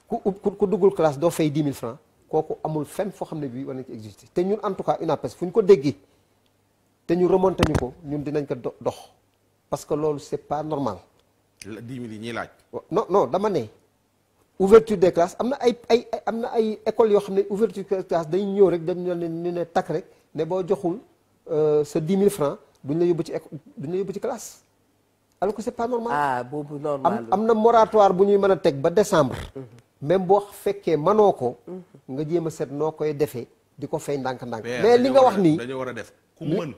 ku ub ku duggul classe doo fay dix mille francs kooku amul fen foo xam ne bii war nañ ko exiger te ñun en tout cas UNAPES fu ñu ko déggee te ñu remonté ñu ko ñun dinañ ko dox parce que loolu c'est pas normal la 10 000 yi ñuy laaj. Oh, non non dama ne ouverture des classes am na ay ay am na ay écoles yoo xam ne ouverture des classes dañu ñëw rek dañu ne ñu ne takk rek ne boo joxul euh, sa 10 000 francs duñ la yóbbu ci école duñ la yóbbu ci classe. alors que c'est pas normal ah boobu am na moratoire bu ñuy mën a teg ba décembre. Mhm. même boo fekkee mënoo ko. Mhm. nga jéem a seet noo koy defee di ko fay ndànk-ndànk. mais li nga wax nii dañoo war a def ku mën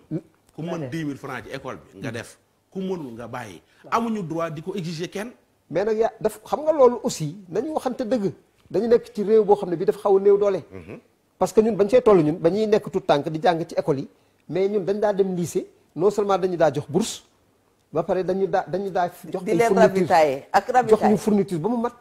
ku mën 10 école bi nga mm. def. ku mënul nga bàyyi. amuñu droit di ko exiger kenn. mais nag yaa daf xam nga loolu aussi nañu waxante dëgg dañu nekk ci réew boo xam ne bii dafa xaw a néew doole. Mhm. parce que ñun bañ see toll ñun ba ñuy nekk tout tànk di jàng ci école yi mais ñun dañ daa dem lycée non seulement dañu daa jox bourse ba pare dañu daa dañu daa jox di leen ravitailler ak ravitailler jox ñu fourniture ba mu mat.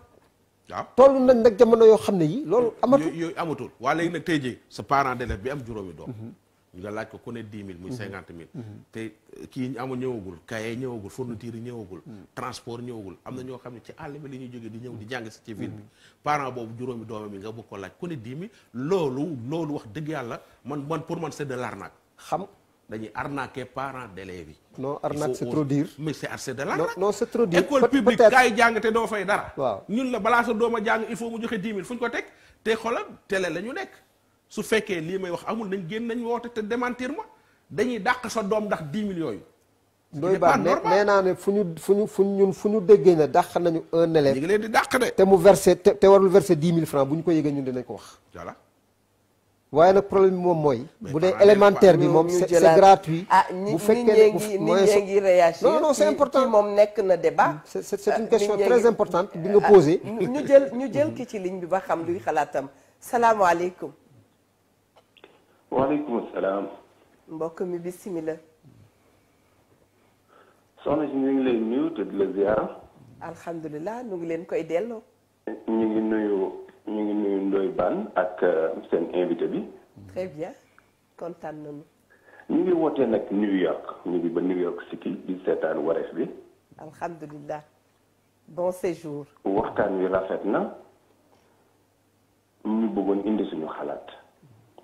waaw toll nañ nag jamono yoo xam ne yi loolu amatul yooyu amatul. waa léegi nag tey jii sa parent d'élève bi am juróomi doom. Mhm. nga laaj ko ku ne dix mille muy mhm. cinquante mille mhm. te euh, kii amul ñëwagul kaye ñëwagul fourniture yi ñëwagul mhm. transport ñëwagul am na ñoo xam ne ci àll bi li ñuy jógee di ñëw di jàng si ci ville bi parent boobu juróomi doomam yi nga bëgg ko laaj ku ne dix mille loolu loolu wax dëgg yàlla man man pour man sedd de l'arnaque xam dañuy arnaquer parents d'élèves yi non arnaque c'est trop dur mais c'est assez de l'arnaque non c'est trop dur école publique kaay jàng te doo fay dara waaw ñun la balaa sa doom jàng il faut mu joxe dix mil fu ko teg te xoolal télé la ñu nekk su fekkee lii may wax amul nañ génn nañ woote te demantir ma dañuy dàq sa doom ndax 10 millions yooyu. doy baax nee naa ne fu ñu fu ñu fu ñun fu ñu déggee na dàq nañu un élève. ñu di dàq de. te mu versé te te warul versé 10 mille francs bu ñu ko yëgee ñu dinañ ko wax. voilà. waaye nag problème bi moom mooy. bu dee élémentaire bi moom c'est gratuit. Ah, bu fekkee ne mooy so non non c'est important moom nekk na débat. Mm, c'est c'est une ah, question très importante bi nga ah, posé. ñu jël ñu jël ki ci ligne bi ba xam luy xalaatam salaamaaleykum. waaleykum salaam. mbokk mi bisimilah. soxna si ñu ngi lay nuyu te di la ziyaara. alhamdulilah ñu ngi leen koy delloo. ñu ngi nuyu ñu ngi nuyu Ndoye Bane ak euh, seen invité bi. très bien kontaan nañu. ñu ngi wootee nag New York ñu ngi ba New York City di seetaan wareef bi. alhamdulilah. bon séjour. waxtaan wi rafet na. ñu bëggoon indi suñu xalaat.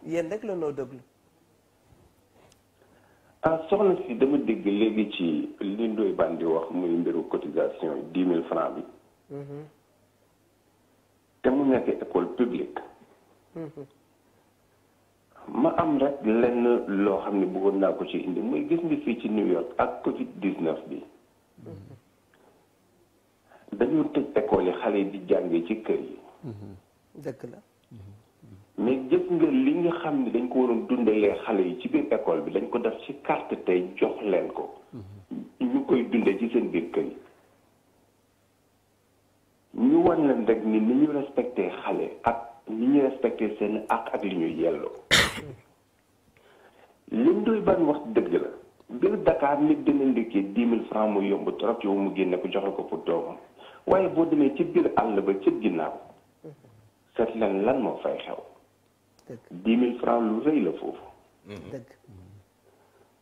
yéen rek la noo déglu. ah soxna si dama dégg léegi ci li Ndoye Bane di wax muy mbiru cotisation yi dix mille francs bi. Mhm. te mu nekk école publique. Mhm. ma am rek lenn loo xam ne bëggoon naa ko ci indi muy gis nga fii ci New York ak Covid 19 bi. Mhm. dañoo tëj école yi xale yi di jàngee ci kër yi. dëgg la. mais jëf nga li nga xam ne dañ ko waroon dundalee xale yi ci biir école bi dañ ko def ci carte tey jox leen ko mhm. ñu koy dundee ci seen biir kër yi ñu wan leen rek ni ni ñu respecté xale ak ni ñu respecté seen ak ak li ñuy yelloo lim doy ban wax dëgg la biir Dakar nit dina ndékkee dix mille francs mu yomb trop yow mu génnee ko joxe ko pour doomam waaye boo demee ci biir àll ba ci ginnaaw mhm. seet leen lan moo fay xew dix mille francs lu rëy la foofu. Mm-hmm. dëgg mm-hmm.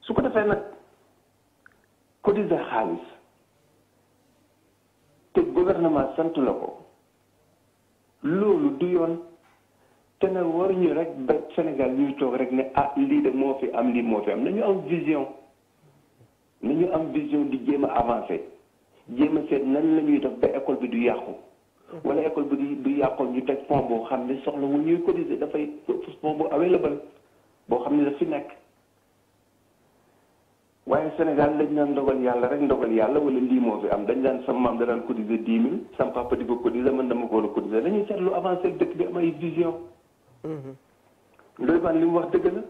su ko defee nag cotiser xaalis te gouvernement sant la ko loolu du yoon te ne waruñu rek ba Sénégal ñuy toog rek ne ah lii de moo fi am lii moo fi am nañu am vision nañu am vision di jéem a avancé jéem a seet nan la ñuy ba école bi du yàqu. Mhm. wala école bi di du yàqoon ñu teg fond boo xam ne soxlawul ñuy cotiser dafay fond bu available boo xam ne daf fi nekk waaye Sénégal dañ naan ndogal yàlla rek ndogal yàlla wala lii moo fi am dañ daan sama maam da daan cotiser dix mille sama di ko cotiser man dama ko war a cotiser dañuy seetlu avancé dëkk bi am ay vision mhm. Ndoye Bane li mu wax dëgg la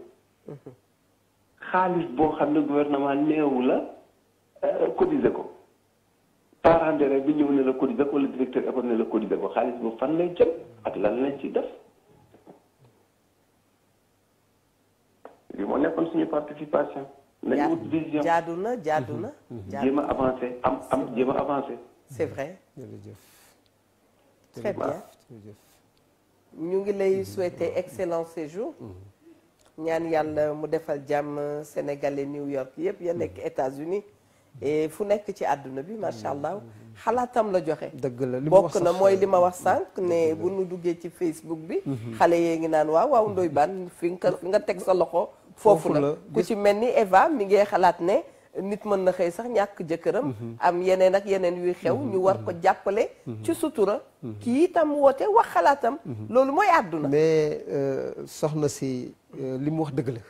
mhm. xaalis boo xam ne gouvernement néewu la euh, cotiser ko parent d'élève bi ñëw ne la cotiser ko wala directeur école ne la cotiser ko xaalis boobu fan lay jëm ak lan lañ ci def li moo nekkoon suñu participation nañu wut vision jaadu na jaadu na mhm. Mhm. jéem a avancé am am jéem a avancé c'est vrai jërëjëf très bien ñu ngi lay mhm. souhaiter excellent séjour ñaan yàlla mu defal jàmm sénégalais New York yëpp ya nekk états fu nekk ci àdduna bi macha allah mm-hmm. mm-hmm. xalaatam la joxe. dëgg la li bokk na mooy li ma wax sànq ne bu nu duggee ci Facebook bi. Mm-hmm. xale yee ngi naan waaw waaw ndoy baan fi nga teg sa loxo. foofu la ku ci mel ni Eva mi ngi xalaat ne nit mën na xëy sax ñàkk jëkkëram am yeneen ak yeneen yuy xew ñu war ko jàppale ci sutura kii itam woote wax xalaatam loolu mooy àdduna mais euh, soxna si euh, li mu wax dëgg la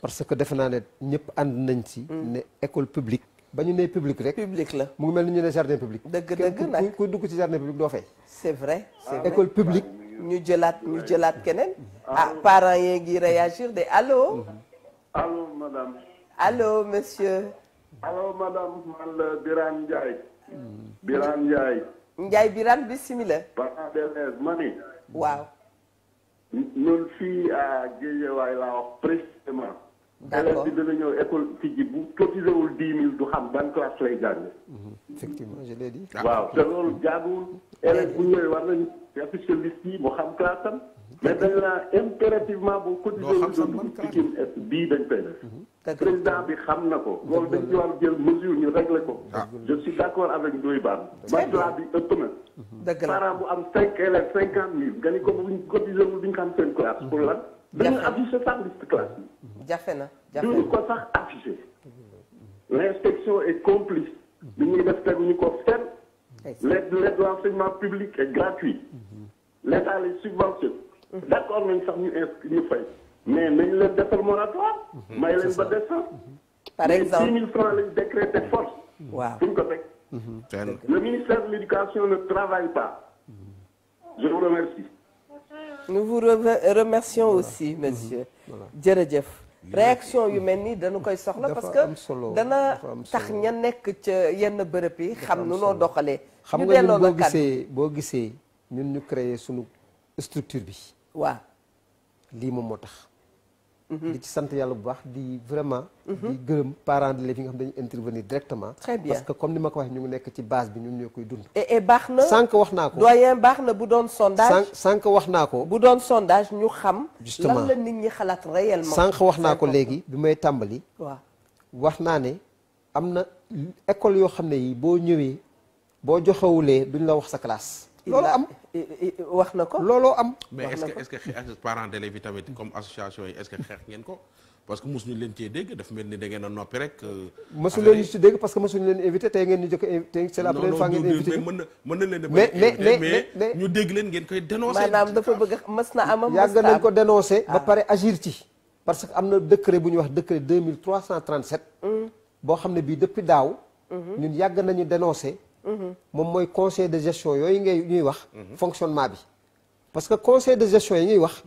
parce que defe naa ne ñëpp ànd nañ ci. Hmm. ne école publique. ba ñu nee public rek public la mu ngi mel ni ñu ne jardin public. dëgg dëgg nag ku dugg ci jardin public doo fay. c'est vrai ah. école publique. ñu jëlaat ñu jëlaat ah. keneen. Ah. ah parents yee ngi réagir de allo. allo madame. monsieur. allo madame man la Birane Ndiaye. Birane Ndiaye. Ndiaye waaw. d'accord élève bi dana ñëw école tijji bu cotisé wul dix du xam ban classe lay jàng. Mhm. effectivement je l'ai dit. Ah, waaw te loolu jaaduwul. élève bu ñëwee war nañu affiché liste yi mu xam classe am. Mhm. mais dañ laa impérativement boo cotisé wul dund Pikine Est bii dañ koy def. Mhm. bi xam na ko. loolu dañ ci war jël ñu réglé ko. je suis d'accord avec Ndoye Bane. matelas bi ëpp na. bu am cinq élèves cinquante mille nga ko bu ñu cotisé wul duñ xam seen classe pour lan. dañu affiché sax liste classe bi. jafe na jafe na duñu ko sax affiché. l' inspection est complice. bi ñuy def teguñu ko fenn. l'aide l'aide l'enseignement public est gratuit. l' état les subventionne. Mhm. d' accord nañ sax ñu in ñu fay. mais nañ leen defal moratoire. Mhm. may leen ba décembre. Mhm. par exemple mais 10 000 francs lañ décrété force. waaw duñ ko teg. le ministère de l' éducation ne travaille pas. je vous nous vous remercions aussi mhm. monsieur jërëjëf réaction yu mel nii dañu koy soxla parce que dana tax ña nekk ca yenn bërëb yi xam nu noo doxalee xam nga ñun boo gisee boo gisee ñun ñu créer sunu structure bi waaw lii moom moo tax Mm-hmm. di ci sant yàlla bu baax di vraiment. Mm-hmm. di gërëm parents de l'élève yi nga xam dañuy intervenir directement. très bien parce que comme ni ma ko waxee ñu ngi nekk ci base bi ñun ñoo koy dund. baax na sànq wax naa ko. doyen baax na bu doon sondage. sànq sànq wax naa ko. bu doon sondage ñu xam. justement lan la nit ñi xalaat réellement. sànq wax naa ko léegi bi may tàmbali. waaw wax naa ne am na école yoo xam ne yi boo ñëwee boo joxewulee duñ la wax sa classe. loolu am wax na looloo am mais est xeex ngeen ko parce que mosuñu leen cee dégg daf mel ni da ngeen noppi rek. Euh, mosuñu leen ci dégg parce que mosuñu leen ñu jëkk invité c'est ngeen invité ñu dégg leen ngeen koy dénoncé. yàgg nañ ko dénoncé ba ah. pare agir ci parce que am na décret bu ñu wax décret mm. boo xam ne bii depuis daaw mm-hmm. ñun yàgg nañu dénoncé moom mooy conseil de gestion yooyu ngay ñuy wax. fonctionnement bi parce que conseil de gestion yi ñuy wax.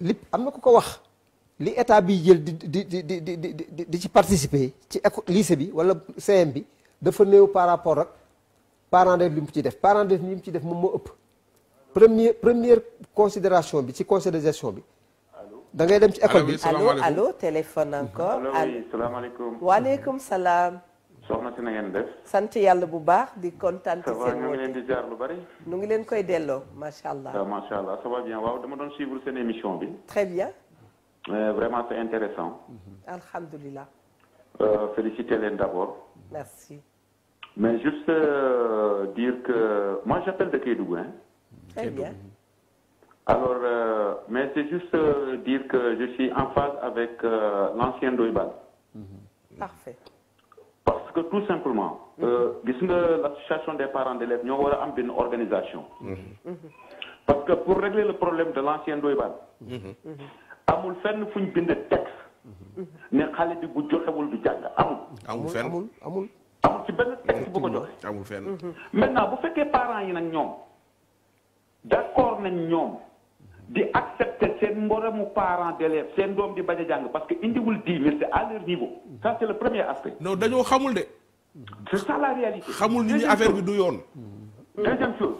li am na ku ko wax. li état bi jël di di di di di di di ci participer ci éco lycée bi wala CM bi dafa néew par rapport ak parent d'élève li mu ci def parent d'élève li mu ci def moom moo ëpp. premier première considération bi ci conseil de gestion bi. da ngay dem ci école bi allo allo téléphone encore. allo oui salaamaaleykum. waaleykum salaam. soxna si na ngeen def. sant yàlla bu baax di kontaan. ci seen woote leen di jaar lu bari. ñu ngi leen koy delloo macha allah. macha allah ça va bien waaw dama doon suivre sen émission bi. très bien. Euh, vraiment c'est intéressant. Mm-hmm. alhamdulilah. Euh, féliciter leen d'abord. merci. mais juste euh, dire que de Kédougou hein. très bien. alors mais c'est juste dire que je suis en phase avec l'ancien Ndoye Bane. parfait. que tout simplement. Mhm. Euh, gis nga l'association des parents d'élèves ñoo war a am benn organisation. Mhm. Mhm. parce que pour régler le problème de l'ancien Ndoye Bane. amul fenn fu ñu bind texte. ne xale bi bu joxewul du jàng amul. amul fenn amul amul. amul ci benn texte bu ko joxe. amul fenn. maintenant bu fekkee parents yi nag ñoom d'accord nañ ñoom. di accepter seen mboroomu parent d'élève seen doom di bañ a jàng parce que indiwul dix mille c'est à leur niveau ça c'est le premier aspect non dañoo xamul de xamul affaire bi du yoon deuxième chose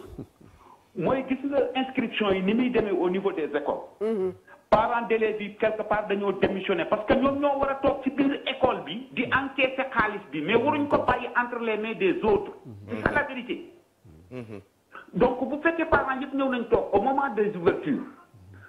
mooy gis yi ni muy demee au niveau des écoles mhm. parents d'élèves yi quelque part dañoo démissionné parce que ñoom ñoo war a toog ci biir école bi di encaisser xaalis bi mais waruñ ko bàyyi entre les mains des autres c'est mhm. donc bu fekkee parents yëpp ñëw nañ toog au moment des ouvertures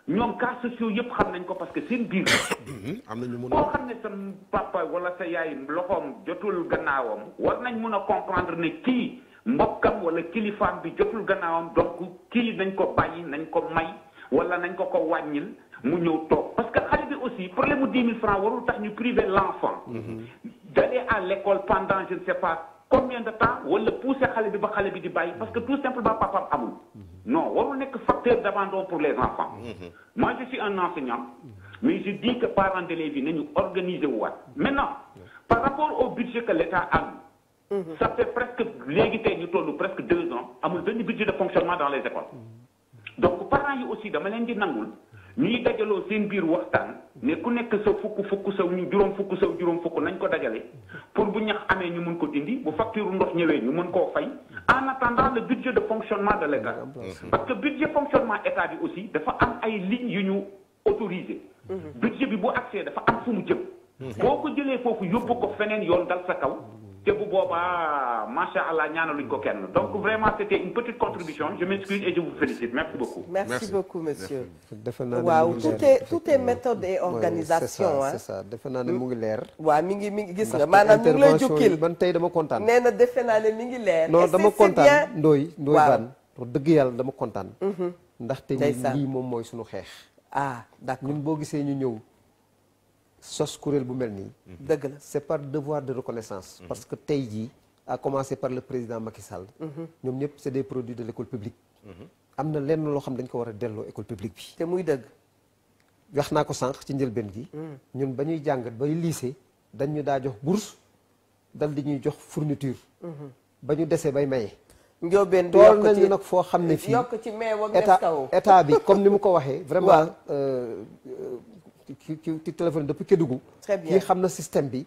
ñoom cas sociaux yëpp xam nañ ko parce que seen biir. am na ñu mun a koo xam ne sa papa wala sa yaay loxoom jotul gannaawam. war nañ mun a comprendre ne kii mbokkam wala kilifaam bi jotul gannaawam donc kii nañ ko bàyyi nañ ko may wala nañ ko ko wàññil mu ñëw toog parce que xale bi aussi problème mu 10 000 francs warul tax ñu priver l' enfant. d' aller à l' école pendant je combien de temps wala pousser xale bi ba xale bi di bàyyi parce que tout simplement papaam amul mm-hmm. non warul nekk facteur d'abandon pour les enfants mm-hmm. moi je suis un enseignant mais je dis que parents d'élèves yi nañu organiser wu waat maintenant par rapport au budget que l'État a mm-hmm. ça fait presque léegi tey ñu toll presque deux ans amul benn budget de fonctionnement dans les écoles donc parents yi aussi dama leen di nangul ñuy dajaloo seen biir waxtaan ne ku nekk sa fukk fukk saw juróom fukk saw juróom fukk nañ ko dajale pour bu ñax amee ñu mën ko dindi bu facture ndox ñëwee ñu mën koo fay en attendant le budget de fonctionnement de l'État mhm. parce que budget fonctionnement état bi aussi dafa am ay lignes yu ñu autorisé mhm. budget bi bu accès dafa am fu mu jëm mhm. boo ko jëlee foofu yóbbu ko feneen yoon dal sa kaw te bu boobaa macha allah ñaanaluñ ko kenn donc vraiment c' était une defe naa ne mu ngi leer. Hmm? waaw mi ngi mi ngi gis nga maanaam mu ngi lay man tey dama kontaan. nee na defe naa ne mi ngi leer. non dama kontaan Ndoye Ndoye Bane wax dëgg yàlla dama kontaan. ndax mhm. ndaxte lii moom mooy suñu xeex. ah d' ñun boo gisee ñu ñëw. sos kuréel bu mel nii. Mhm. dëgg la c'est par devoir de reconnaissance. Mhm. parce que tey jii à commencer par le président Macky Sall. Mhm. ñoom ñëpp c'est des produits de l'école publique. am na lenn loo xam dañ ko war a delloo école publique bi. te muy dëgg. wax naa ko sànq ci njëlbeen gi. ñun ba ñuy jàngat bay lycée dañ daa jox bourse dal ñuy jox fourniture. ba ñu desee bay maye. njóobeen du yokk ci foo xam ne fii. état état bi comme ni mu ko waxee. ci ci téléphone depuis Kédougou. très bien kii xam na système bi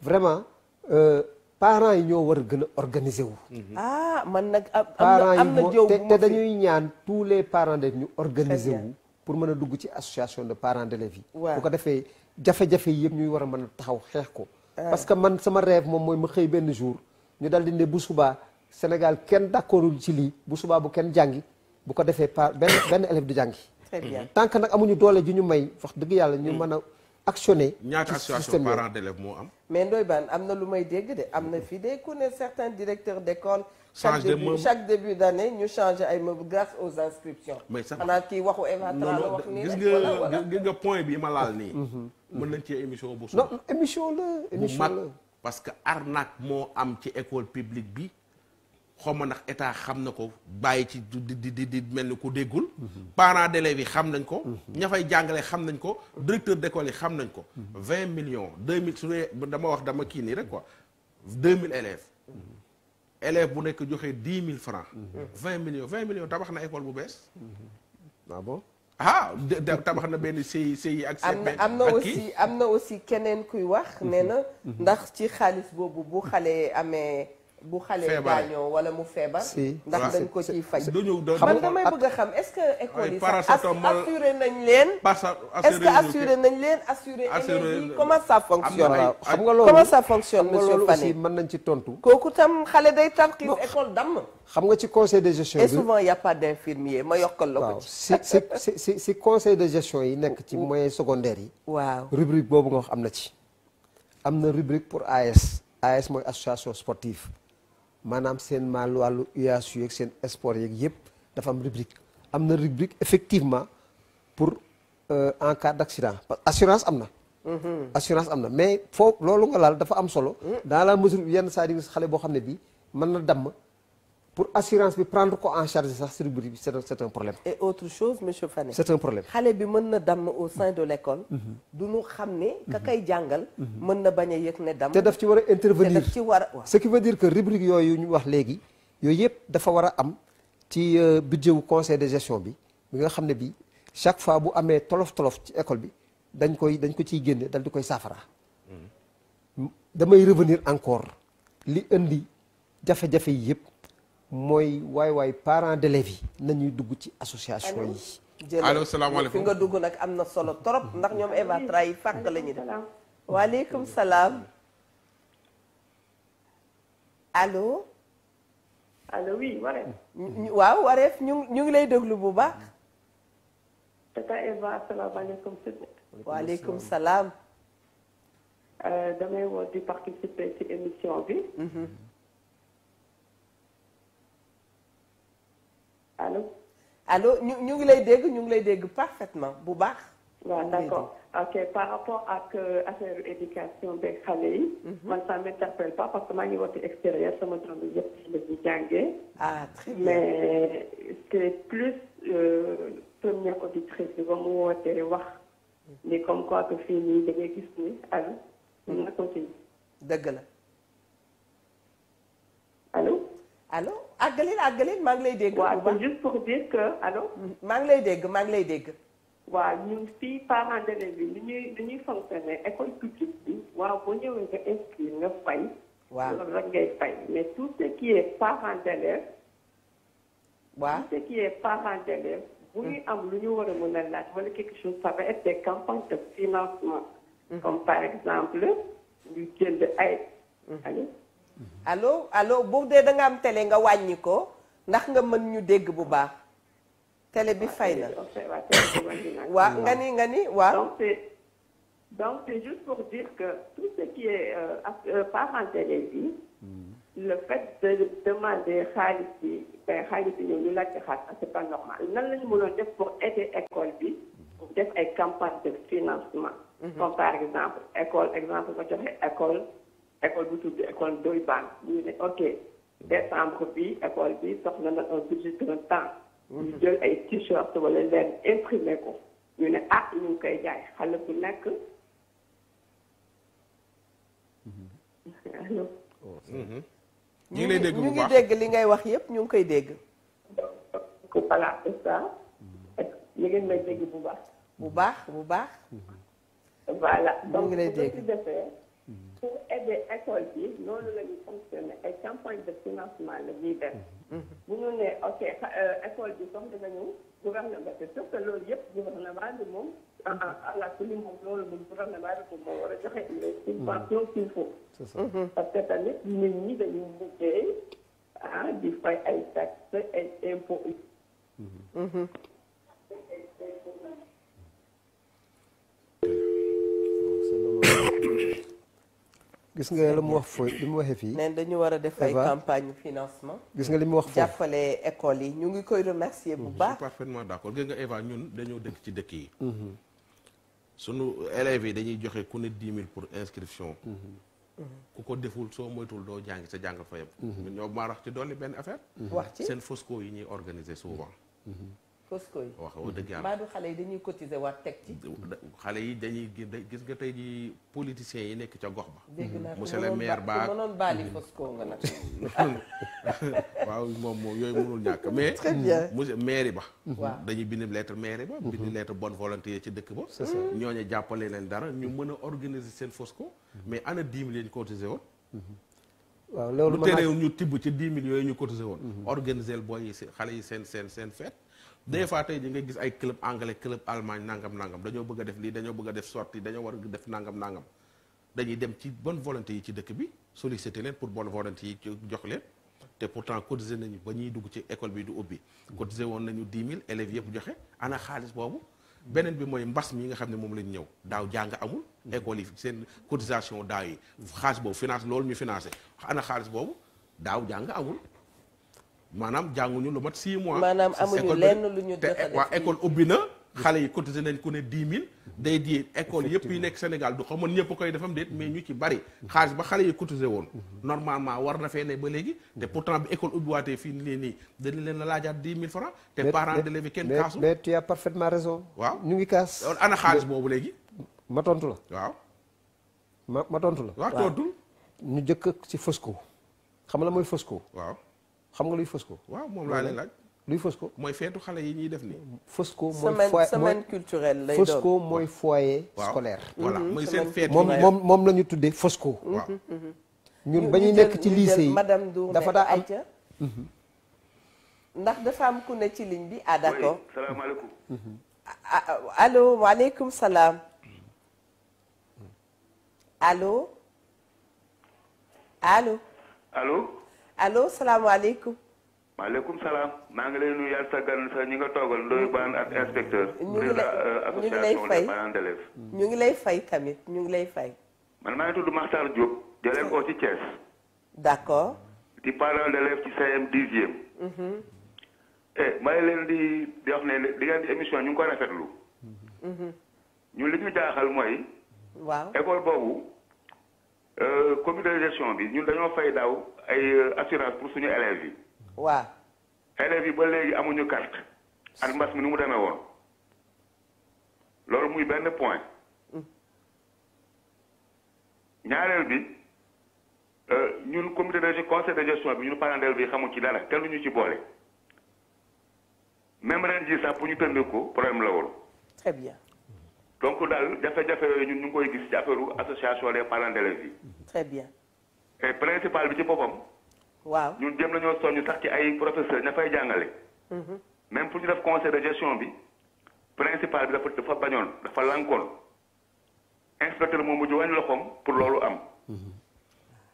vraiment euh, parents yi ñoo war a gën a organiser wu. Mm-hmm. ah man nag am na jëw te dañuy ñaan tous les parents de ñu organiser wu. pour mën a dugg ci association de parents d'élèves yi. bu ko defee jafe-jafe yi yëpp ñuy war a mën a taxaw xeex ko. parce que man sama rêve moom mooy ma xëy benn jour ñu dal di ne bu subaa Sénégal kenn d'accordul ci lii bu subaa bu kenn jàngi bu ko defee par benn benn élève du jàngi. très bien mhm. que nag amuñu doole ji ñu may wax dëgg yàlla ñu mhm. mën a actionné. ñaata association parents d'élèves moo am. mais Ndoye Bane am na lu may dégg de am na fii de ku ne certains directeurs d'école. chaque début chaque début d'année ñu changé ay meubles grâce aux inscriptions. mais sax xanaa kii waxu wax nii gis nga point bi ma laal nii. Mhm. mën nañ cee émission bu. non émission la émission la parce que arnaque moo am ci école publique bi. xaw ma ndax état xam na ko bàyyi ci di di mel ni ku déggul. parents d'élèves yi xam nañ ko. ña jàngale xam nañ ko. directeur d'école yi xam nañ ko. vingt millions deux mille su dee dama wax dama kii nii rek ko deux mille élèves. élèves bu nekk joxe dix mille francs. vingt millions vingt millions tabax na école bu bees. ah bon ah, tabax na benn CI CI ak. am na am na aussi am na aussi keneen kuy wax nee na. ndax ci xaalis boobu bu xale amee. bu xale gaañoo wala mu feebar. si ndax dañ ko ciy faj. man damay bëgg a xam ce que école yi nañ leen. est que assuré nañ leen assuré élèves yi comment ça fonctionne. xam nga loolu comment ça fonctionne monsieur Fane aussi mën nañ ci tontu. kooku tam xale day tarxiis école damm. xam nga ci conseil de gestion bi et souvent ma yokkal la si si conseil de gestion yi nekk ci moyen secondaire yi. waaw rubrique boobu nga wax am na ci. am na rubrique pour AS. AS mooy association sportive. maanaam seen maal wàllu UASU yeeg seen sport yeeg yëpp dafa am rubrique am na rubrique effectivement pour euh, en cas d' accident parce que assurance am na. Mhm. assurance am na mais foofu loolu nga laal dafa am solo. Mm. dans la mesure yenn saa yi xale boo xam ne bii mën na damm. pour assurance bi prendre ko en charge sax surbrui bi c'est un problème et autre chose monsieur Fane c'est un bi mën na damm au sein de l'école mhm. du ñu xam ne ka mhm. jàngal mhm. mën na bañ a yëg ne damm te daf ci war a intervenir ci war a ce qui veut dire que rubrique yooyu ñu wax léegi yooyu yëpp dafa war a am ci euh, budget conseil de gestion bi bi nga xam ne bi chaque fois bu amee tolof tolof ci école bi dañ koy dañ ko ciy génne dal di koy saafara damay revenir encore li indi jafe-jafe yi yëpp mooy waay parent parents d'élèves yi nañuy dugg ci association yi. allo fi nga dugg nag am na solo trop ndax ñoom Eva Tra yi fàq la ñu def. waaleykum salaam. allo. allo waaw Wareef ñu ñu ngi lay déglu bu baax. tata salaam. Euh, damay bi. Mhm. allo. allo ñu ñu ngi lay dégg ñu ngi lay dégg parfaitement bu baax. waaw d'accord ok par rapport ak euh, affaire éducation beeg xale yi. Mhm. man ça m'interpelle pas parce que maa ngi woote extérieur sama doom bi yëpp la ñuy ah très bien mais c'est plus euh, première auditrice bi ba mu wootee wax. ni li quoi que fii nii da ngay gis ni allo. na ko dëgg la. allo àggalil àggalil maa ngi lay dégg. waaw c'est juste pour dire que allo. maa ngi lay dégg maa ngi lay dégg. waaw ñun fii parents d'élèves bi li ñuy li ñuy fonctionner école publique bi waaw boo ñëwee nga inscrire nga fay. waaw loolu rek ngay fay mais tout ce qui est parents d'élèves. waaw tout ce qui est parents d'élèves. bu ñuy am lu ñu war a mën a laaj wala quelque chose ça va être des campagnes de financement. Mm-hmm. comme par exemple ñu jënd ay. Mm-hmm. allo. allo alo bu dee da nga am tele nga wàññi ko ndax nga mën ñu dégg bu baax. tele bi fay na waaw nga ni nga ni waaw. donc c'est juste pour dire que tout ce qui est euh, euh parents d'élèves yi mm. le fait de demander xaalis bi xaalis bi ñëw ñu laajte xaalis c'est pas normal nan la ñu mënoon def pour aider école bi mm-hmm. def ay campagne de financement mm-hmm. comme par exemple école exemple ma joxe école école bu tudd école doy baan ñu ne ok décembre bi école bi soxla na un budget d'un temps mm-hmm. ñu jël ay t-shirt wala leen imprimé ko ñu ah ñu koy jaay xale bu nekk mm-hmm. Mm-hmm. li ngay wax yépp ñu ngi koy dégg voilà c'est ça ñu ngi baax bu baax bu baax pour aider école bi noonu la ñuy fonctionner ay campagne de financement la ñuy def. Mm-hmm. bu ñu nee ok euh, école bi soxla nañu gouvernement bi sauf que loolu yëpp gouvernement bi moom à à la clim moom loolu moom gouvernement bi moom moo war a joxe les subventions qu'il faut. Mm-hmm. parce que tamit nit ñi dañuy liggéey ah di fay ay taxes ay impôts. Mm-hmm. gis nga la mu wax fooy li mu waxee fii. neen dañu war a def ay campagne financement. gis nga li mu wax foofu jàppale école yi ñu ngi koy remercier bu mhm. baax. je suis parfaitement d'accord gis nga Eva ñun dañoo dëkk ci dëkk yi. Mhm. sunu élèves yi dañuy joxe ku ne dix mille pour inscription. Mhm. ku ko deful soo moytul doo jàng sa jàng fa yëpp. ñoo maa rax ci dolli benn affaire. wax ci seen fosco yi ñuy organiser souvent. Cosco yi wax dëgg yàlla mbaa du xale yi dañuy cotiser waat teg xale yi dañuy gis nga tey jii politiciens yi nekk ca gox ba. dégg naa monsieur le maire ba ak mënoon waaw moom moom yooyu mënul ñàkk mais. très maire ba. waaw dañuy bind lettre maire ba. bind mhm. lettre bonne volonté ci dëkk ba. c'est ça ñooñu jàppale leen dara ñu mhm. mën a organiser seen Cosco. Mhm. mais ana dix mille lañ cotiser loolu lu teree ñu tibb ci dix mille yooyu ñu cotiser woon. organiser booy yi xale yi seen seen seen fête. des fois tey ji nga gis ay club anglais club allemagne nangam nangam dañoo bëgg a def lii dañoo bëgg a def sortie dañoo war a def nangam nangam dañuy dem ci bon volonté yi ci dëkk bi solliciter leen pour bonne volonté yi ci jox leen te pourtant cotiser nañu ba ñuy dugg ci école bi du ubbi cotiser woon nañu 10 mille élèves yëpp joxe ana xaalis boobu beneen bi mooy mbas mi nga xam ne moom lañ ñëw daaw jàng amul école yi seen cotisation daaw yi xaalis boob finance loolu ñu financé ana xaalis boobu daaw jàng amul maanaam jànguñu lu mat 6 mois. maanaam amuñu lenn lu ñu joxe waa école ubbi na. xale yi cotisé nañ ku ne 10 000. day di école yëpp yi nekk Sénégal du xamoon ñëpp koy defam déet mais ñu ci bari. xaalis ba xale yi cotisé woon. Mhm. normalement war na fee ne ba léegi. te mhm. pourtant bi école ubbiwaatee fii nii nii dañu leen la laajaat 10 000 francs te parents d'élèves yi kenn kaasu. waaw ñu ngi kaas. ana xaalis boobu léegi. ma tontu la. waaw. ma tontu la. waa tontu. ñu jëkk ci Fosco. xam la mooy Fosco. waaw. xam nga luy Fosco. waaw moom laa leen laaj. luy Fosco mooy feetu xale yi ñuy def nii. Mm-hmm. Fosco mooy semaine semaine culturelle lay doon mm-hmm. moom moom moom tuddee Fosco. Mm-hmm. ñun ba ñuy nekk ci lycée yi dafa daa am ndax dafa am ku ne ci ligne bi ah d'accord. salaamaaleykum. Ah, ah, allo waaleykum salaam. allo. allo. allo. allo salaamaaleykum. maaleykum salaam. maa ngi lay nuyu yàlla sa gan sa ñi nga toogal Ndoye Bane ak mm-hmm. inspecteur. ñu ngi lay euh, ñu ngi lay fay ñu tamit ñu ngi lay fay. man maa ngi tudd Makhtar Diop. jëlee ko ci Thiès. d'accord. di parent d'élève ci CM dixième. Mm-hmm. Eh, may leen di di wax ne di ngeen émission ñu ngi ko rafetlu. Mm-hmm. ñu li ñu jaaxal mooy. waaw école boobu. Euh, comité de gestion bi ñun dañoo fay daw ay euh, assurance pour suñu élèves yi. waaw. élèves yi ba léegi amuñu carte ak mbas mi nu mu demee woon loolu muy benn point mm. ñaareel bi euh, ñun comité de conseil de gestion bi ñun parents d'élèves bi xamu ci dara te ñu ci boole même ren jii sax pour ñu tënd ko problème la woon. très bien. donc daal jafe-jafe yooyu ñun ñu ngi koy gis ci association des parents d'élèves yi. très bien. principal bi ci boppam. waaw ñun jëm nañoo ñu sax ci ay professeurs ña fay jàngale. Mm-hmm. même pour ñu def conseil de gestion bi principal bi dafa bañoon dafa lankoon inspecteur moom mujj wàññi loxoom pour loolu am. Mm-hmm.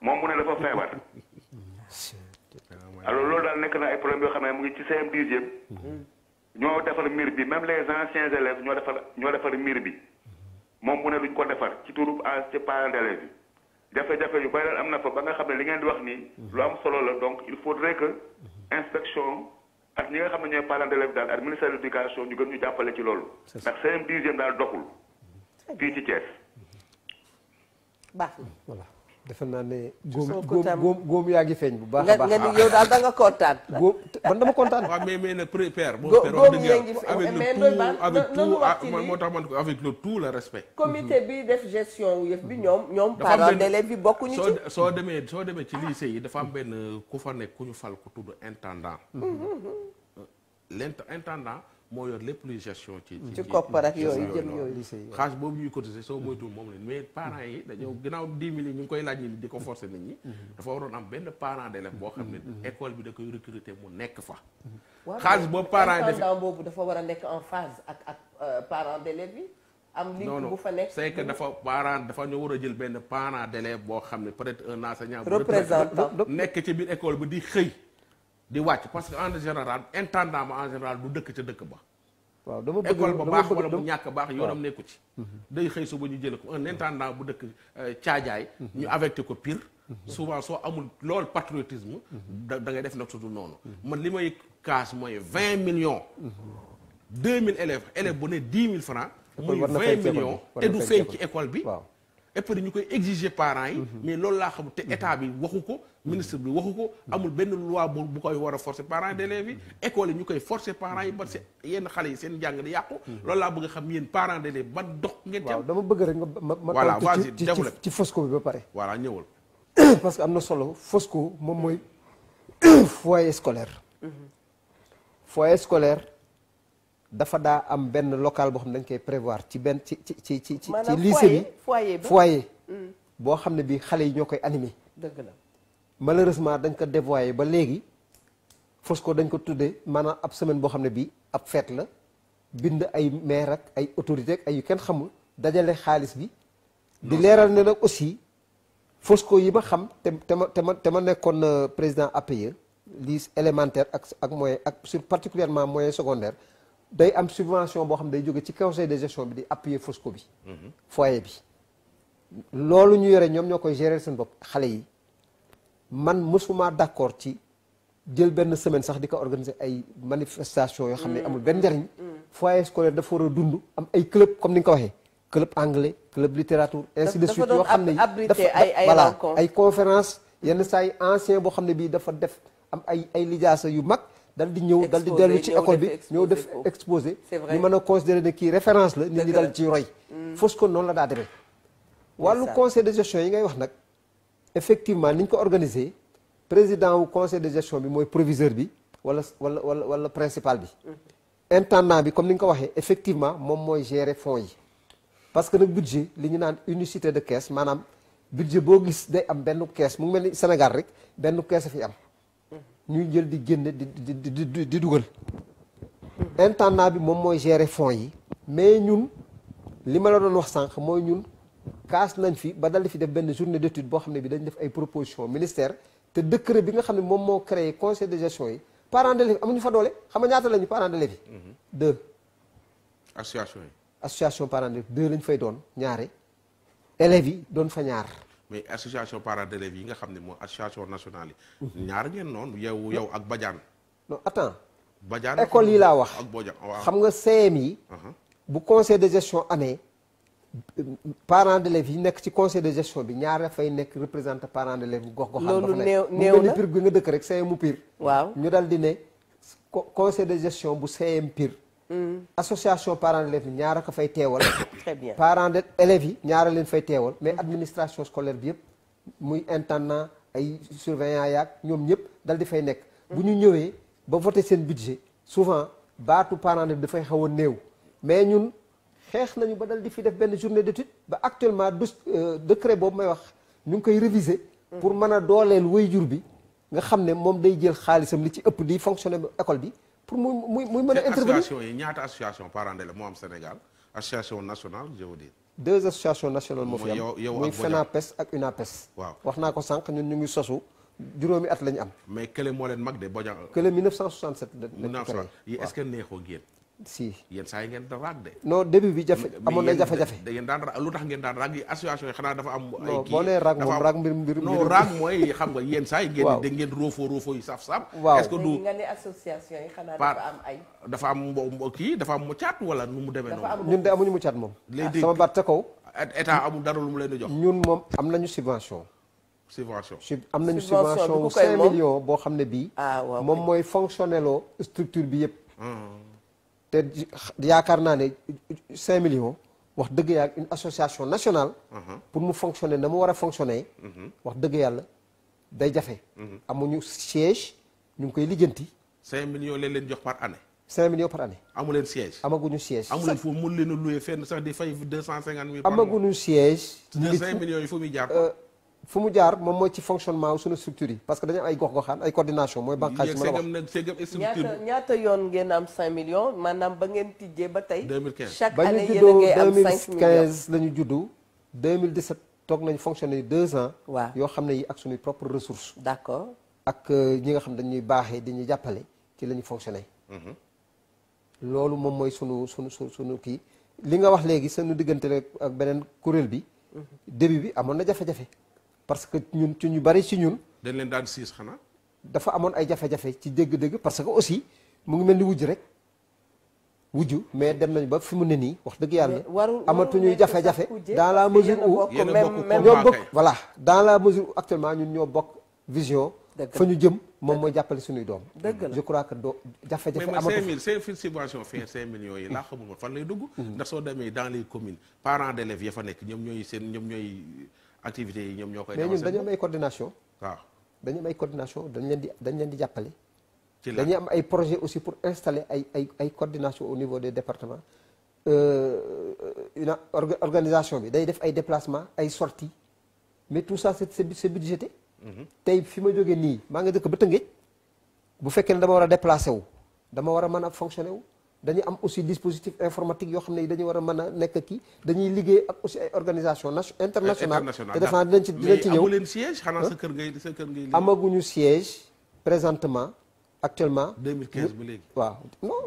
moom mu ne dafa feebar. alors loolu daal nekk na ay problème yoo xam ne mu ngi ci CM10 ñoo defar miir bi même les anciens élèves ñoo defar ñoo defar miir bi moom mu ne luñ ko defar ci turu ah, ci parents d'élèves bi jafe-jafe yu bari am na fa ba nga xam ne li ngeen di wax nii. lu am solo la donc il faudrait que inspection ak ñi nga xam ne ñooy parents d'élèves daal ak ministère de ñu gën ñu jàppale ci loolu. ndax seen dixième daal doxul fii ci defe naa ne. góom góom yaa ngi feeñ bu baax a baax nga ni yow daal da nga kontaan. góom man dama kontaan. waaw mais mais nag père. góom góom yaa ngi ah, moo tax man avec le tout le respect. comité bi def gestion yëf bi ñoom ñoom. parents leen bi bokkuñu ci. soo demee soo demee ci lycée yi dafa am benn ku fa nekk ku ñu fal ku tudd intendant. Mm-hmm. Euh, l' intendant. moo yor lépp lu gestion ci ci koppar ak yooyu jëm yooyu xaalis boobu ñuy cotiser soo moytuwul moom leen mais parents yi dañoo ginnaaw dix mille ñu ngi koy laaj ñi di ko forcer nit mhm. dafa waroon am benn parent d'élève boo xam ne mhm. Mhm. école bi da koy recruter mu nekk fa xaalis boobu parent yi boobu dafa war a nekk en phase ak ak euh, parent d'élève yi am liggéey fa nekk c'est dafa parent dafa ñu war a jël benn parent d'élève boo xam ne peut-être un enseignant représentant nekk ci biir école bi di xëy di wàcc parce que en général intendant ba en général du dëkk ca dëkk ba. waaw dama bëgg école ba baax wala bu ñàkk baax yoonam nekku ci. Mhm. day xëy suba ñu jël ko un intendant bu dëkk caajaay. Euh, mhm. ñu affecté ko pire. Mhm. souvent soo amul loolu patriotisme. da da ngay def nag sudul noonu. man li may kaas mooy vingt millions. deux mille élèves élèves bu ne dix mille francs. muy vingt millions te du feeñ ci école bi. et puis ñu koy exiger parents yi. mais loolu laa xam te état bi waxu ko. ministre bi waxu ko amul benn loi bu koy war a forcer parents d'élèves yi école yi ñu koy forcer parent yi parce que yenn xale yi seen njàng di yàqu loolu laa bëgg a xam yéen parents d'élèves ban dox ngeen waaw dama bëgg rek ma ma tontu ci Fosco bi ba pare voilà ñëwal parce que am na solo Fosco moom mooy foyer scolaire mm-hmm. foyer scolaire dafa daa am benn local boo xam ne dañ koy prévoir ci benn ci ci ci ci ci lycée bi foyer mm. boo xam ne bii xale yi ñoo koy animé dëgg la malheureusement dañ ko dévoyé ba léegi Fosco dañ ko tuddee maanaam ab semaine boo xam ne bii ab fête la bind ay maire ak ay autorité ak ay yu kenn xamul dajale xaalis bi. di leeral ne nag aussi Fosco yi ma xam te te ma te ma te ma nekkoon euh, président APE liste élémentaire ak ak moyen ak sur particulièrement moyen secondaire day am subvention boo xam day jóge ci conseil de gestion bi di appuyer Fosco bi. Mm-hmm. foyer bi. loolu ñu yore ñoom ñoo koy gérer seen bopp xale yi. man mësuma d'accord ci jël benn semaine sax di ko organiser ay manifestation yoo xam ne mm. amul benn njariñ mm. foyer scolaire dafa war a dund am ay club comme ni nga ko waxee club anglais club littérature ainsi de suite yoo xam ne dafa voilà ay conférence yenn saa yi boo xam ne bii dafa def am ay ay lijaasa yu mag dal di ñëw dal di dellu ci école bi ñëw def exposé ñu man a considérer ne kii référence la nit ñi dal ci roy mm. fausse ko noonu la daa demee wàllu conseil de gestion yi ngay wax nag effectivement ni ñu ko organiser président wu conseil de gestion bi mooy proviseur bi wala wala wala wala principal bi. Mm-hmm. intendant bi comme ni nga ko waxee effectivement moom mooy gérer fonds yi. parce que nag budget li ñu naan unicité de caisse maanaam budget boo gis day am benn caisse mu ngi mel ni Sénégal rek benn caisse fi am. Mm-hmm. ñuy jël di génne di di di di dugal. Mm-hmm. intendant bi moom mooy gérer fonds yi. mais ñun li ma la doon wax sànq mooy ñun kaas nañ fi ba dal di fi def benn journée d'étude boo xam ne bi dañ def ay proposition ministère te décret bi nga xam ne moom moo créé conseil de gestion yi parents d'élèves amuñu fa doole xam nga ñaata lañu parents d'élèves yi mhm. deux association lañ fay doon ñaare élèves doon fa ñaar mais association parents d'élèves yi nga xam ne mooy association nationale yi mhm. ñaar ngeen noonu yow yow ak Badiane non attends Badiane école yi laa wax ak Badiane xam nga CM yi uh-huh. bu conseil de gestion amee parents d'élèves yi nekk ci conseil de gestion bi ñaar fay nekk représenté parents d'élèves gox gox loolu néew néew na pire bi nga dëkk rek CM pire ñu dal di ne conseil de gestion bu CM pire hmm. association parents d'élèves yi ko fay teewal très bien parents d'élèves yi ñaara leen fay teewal mais administration scolaire bi yëpp muy intendant ay surveillant yaag ñoom ñëpp dal di fay nekk bu ñu ñëwee ba voté seen budget souvent baatu parents d'élèves dafay xaw a néew mais ñun xeex nañu ba dal di fi def benn journée d'étude ba actuellement du euh, décret boobu may wax ñu ngi koy réviser pour mën a dooleel jur bi nga xam ne moom day jël xaalisam li ci ëpp di fonctionner école bi pour muy muy muy mën a intervenir yi ñaata association parents d'élèves moo am Sénégal association nationale je veux dire deux associations nationales moo fi am muy FENAPES ak UNAPES waaw wax naa ko sànq ñun ñu ngi sosu juróomi at lañu am mais kële moo leen mag de Bodian kële 1967 1967 yi est si yenn saa yi ngeen da raag de non début bi jafe amoon na jafe-jafe da ngeen daan lu tax ngeen daan raag yi association yi xanaa dafa am ay kii boo nee raag moom raag mbir mbir mooy xam nga yenn saa yi ngeen da ngeen roofoo roofoo yu saf dafa am ay dafa am mbo am mu caat wala nu mu demee noonu ñun de amuñu mu caat moom léegi sama baat ca kaw état amul dara lu mu leen di jox ñun moom am nañu subvention subvention am nañu subvention wu cinq millions boo xam ne bii ah, moom mooy fonctionnel structure bi yëpp hmm. te yaakaar naa ne 5 millions wax dëgg yàlla une association nationale. Mhm. pour mu fonctionner na mu war a fonctionner. Mhm. wax dëgg yàlla day jafe. Mhm. amuñu siège ñu ngi koy lijjanti. 5 millions lañ leen jox par année. 5 millions par année. amu leen siège. amaguñu siège. amu leen foofu sax di fay 250 mille. amaguñu siège. ñu ngi yi fu muy jaar. Euh, fu mu jaar moom mooy ci fonctionnement wu suñu structure yi parce que dañu ay gox-goxaan ay coordination mooy banqaas yi ma wax ñaata yoon ngeen am 5 millions maanaam ba ngeen tijjee ba tey 2015 a ngay am 5 millions ba ñu juddoo 2015 la ñu juddu toog nañ fonctionné deux ans waaw yoo xam ne yi ak suñuy propre ressource d'accord ak euh, ñi nga xam dañuy baaxee dañuy jàppale ci la ñu fonctionné mm-hmm. loolu moom mooy sunu sunu su sunu kii li nga wax léegi sunu diggante la ak beneen kuréel bi mm-hmm. début bi amoon na jafe-jafe parce que ñun ci ñu bari ci ñun. dañ leen daan siis xanaa. dafa amoon ay jafe-jafe ci dégg-dégg parce que aussi mu ngi mel ni wujj rek wujj mais dem nañ ba fi mu ne nii wax dëgg yàlla. warul amatuñu jafe-jafe. dans la mesure où ñoo bokk voilà dans la mesure où actuellement ñun ñoo bokk vision. fa ñu jëm moom mooy jàppale suñuy doom. dëgg la je que doo jafe-jafe. amatu mais 5000 5000 subvention fee 5 yi laa xamuma fan lay dugg. Mm-hmm. ndax soo demee dans les communes parent d'élèves ya fa nekk ñoom ñooy seen ñoom activités yi ñoom ñoo koy. mais ñun dañu am ay coordination. waaw dañ leen di dañ leen di jàppale. ci dañuy am ay projet aussi pour installer ay ay ay coordination au niveau de départements. Euh, une organisation bi day def ay déplacement ay sorties mais tout ça c'est c'est budgété. Mhm. tey fi ma jógee nii maa nga dëkk bëtt Tëngéej bu fekkee ne dama war a déplacé wu dama war a mën a fonctionné wu. dañu am aussi dispositif informatique yoo xam ne dañu war a mën a nekk kii dañuy liggéey ak aussi ay organisation internationale te defe naa dinañ ci dinañ ci ñëw amu leen siège xanaa sa kër ngay sa kër ngay amaguñu siège présentement actuellement 2015 ba léegi waaw non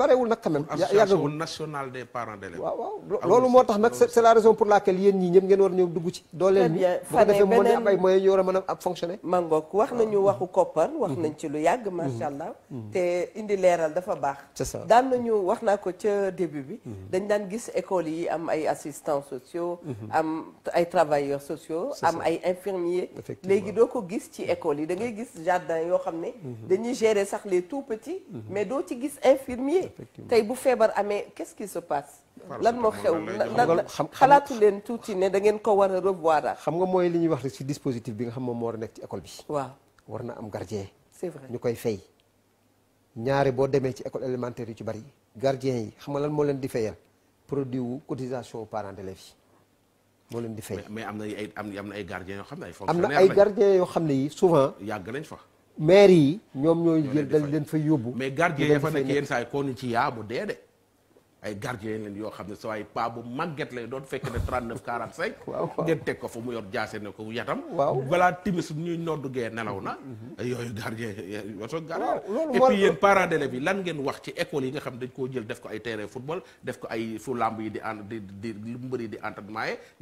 barewul nag quand même yàggagul national des parents d'élèves waaw waaw loolu moo tax nag c'est la raison pour laquelle yéen ñii ñëpp ngeen war a ñëw dugg ci dooleel ñi bu ko defee mën a am ñu wax nañu waxu koppar wax mm-hmm. nañ ci lu yàgg mm-hmm. macha allah mm-hmm. te indi leeral dafa baax c'est ça daan nañu wax naa ko ca début bi dañ daan gis écoles yi am ay assistants sociaux am ay travailleurs sociaux am ay infirmiers léegi doo ko gis ci écoles yi da ngay gis jardin yoo xam ne dañuy gérer sax les tout petits mhm. mais doo ci gis infirmier tey bu feebar amee qu'est-ce qui se passe lan moo xew lan xalaatu leen tuuti ne da ngeen ko war a revoir xam nga mooy li ñuy wax rek ci dispositif bi nga xam moom moo war nekk ci école bi war na am gardien c'est ñu koy fay ñaare boo demee ci école élémentaire yu ci bari gardien yi xam nga lan moo leen di fayal produit wu cotisation parents d'élèves yi moo leen di fay mais am na ay am na ay gardiens yoo xam ne ay fonctionnaires am na ay yoo xam ne yi souvent yàgg nañ fa maire yi ñoom ñooy jël dal leen fay yóbbu mais gardien ya fa nekk yenn saa yi koo ci yaa mu dee ay gardien leen yoo xam ne sa waay paa bu màgget lay doon fekk ne 39 45. waaw waaw ngeen teg ko fa mu yor jaase ne ko yatam. waaw balaa timis ñuy noddu gee nelaw na. Mm-hmm. yooyu gardien yoto gardien. et puis yéen bi lan ngeen wax ci école yi nga xam dañ koo jël def ko ay terrain football def ko ay fu lamb yi di en di di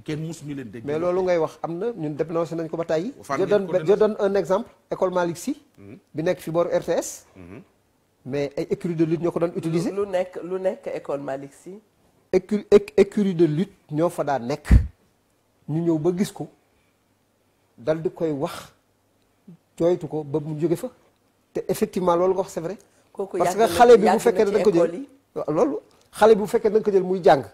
kenn mus ñu leen dégg. mais loolu ngay wax am na ñun dénoncé nañ ko ba tey. fan je donne je donne un exemple école Malick Sy. Mm-hmm. bi nekk fi booru RTS. Mm-hmm. mais ay écurie de lutte ñoo ko doon utiliser. lu nekk lu nekk école Malick Sy. écurie de lutte ñoo fa daa nekk ñu ñëw ba gis ko dal di koy wax jooytu ko ba mu jóge fa te effectivement loolu nga wax c'est vrai. kooku parce que xale bi bu fekkee ne da nga ko jël loolu xale bi bu fekkee da nga muy jàng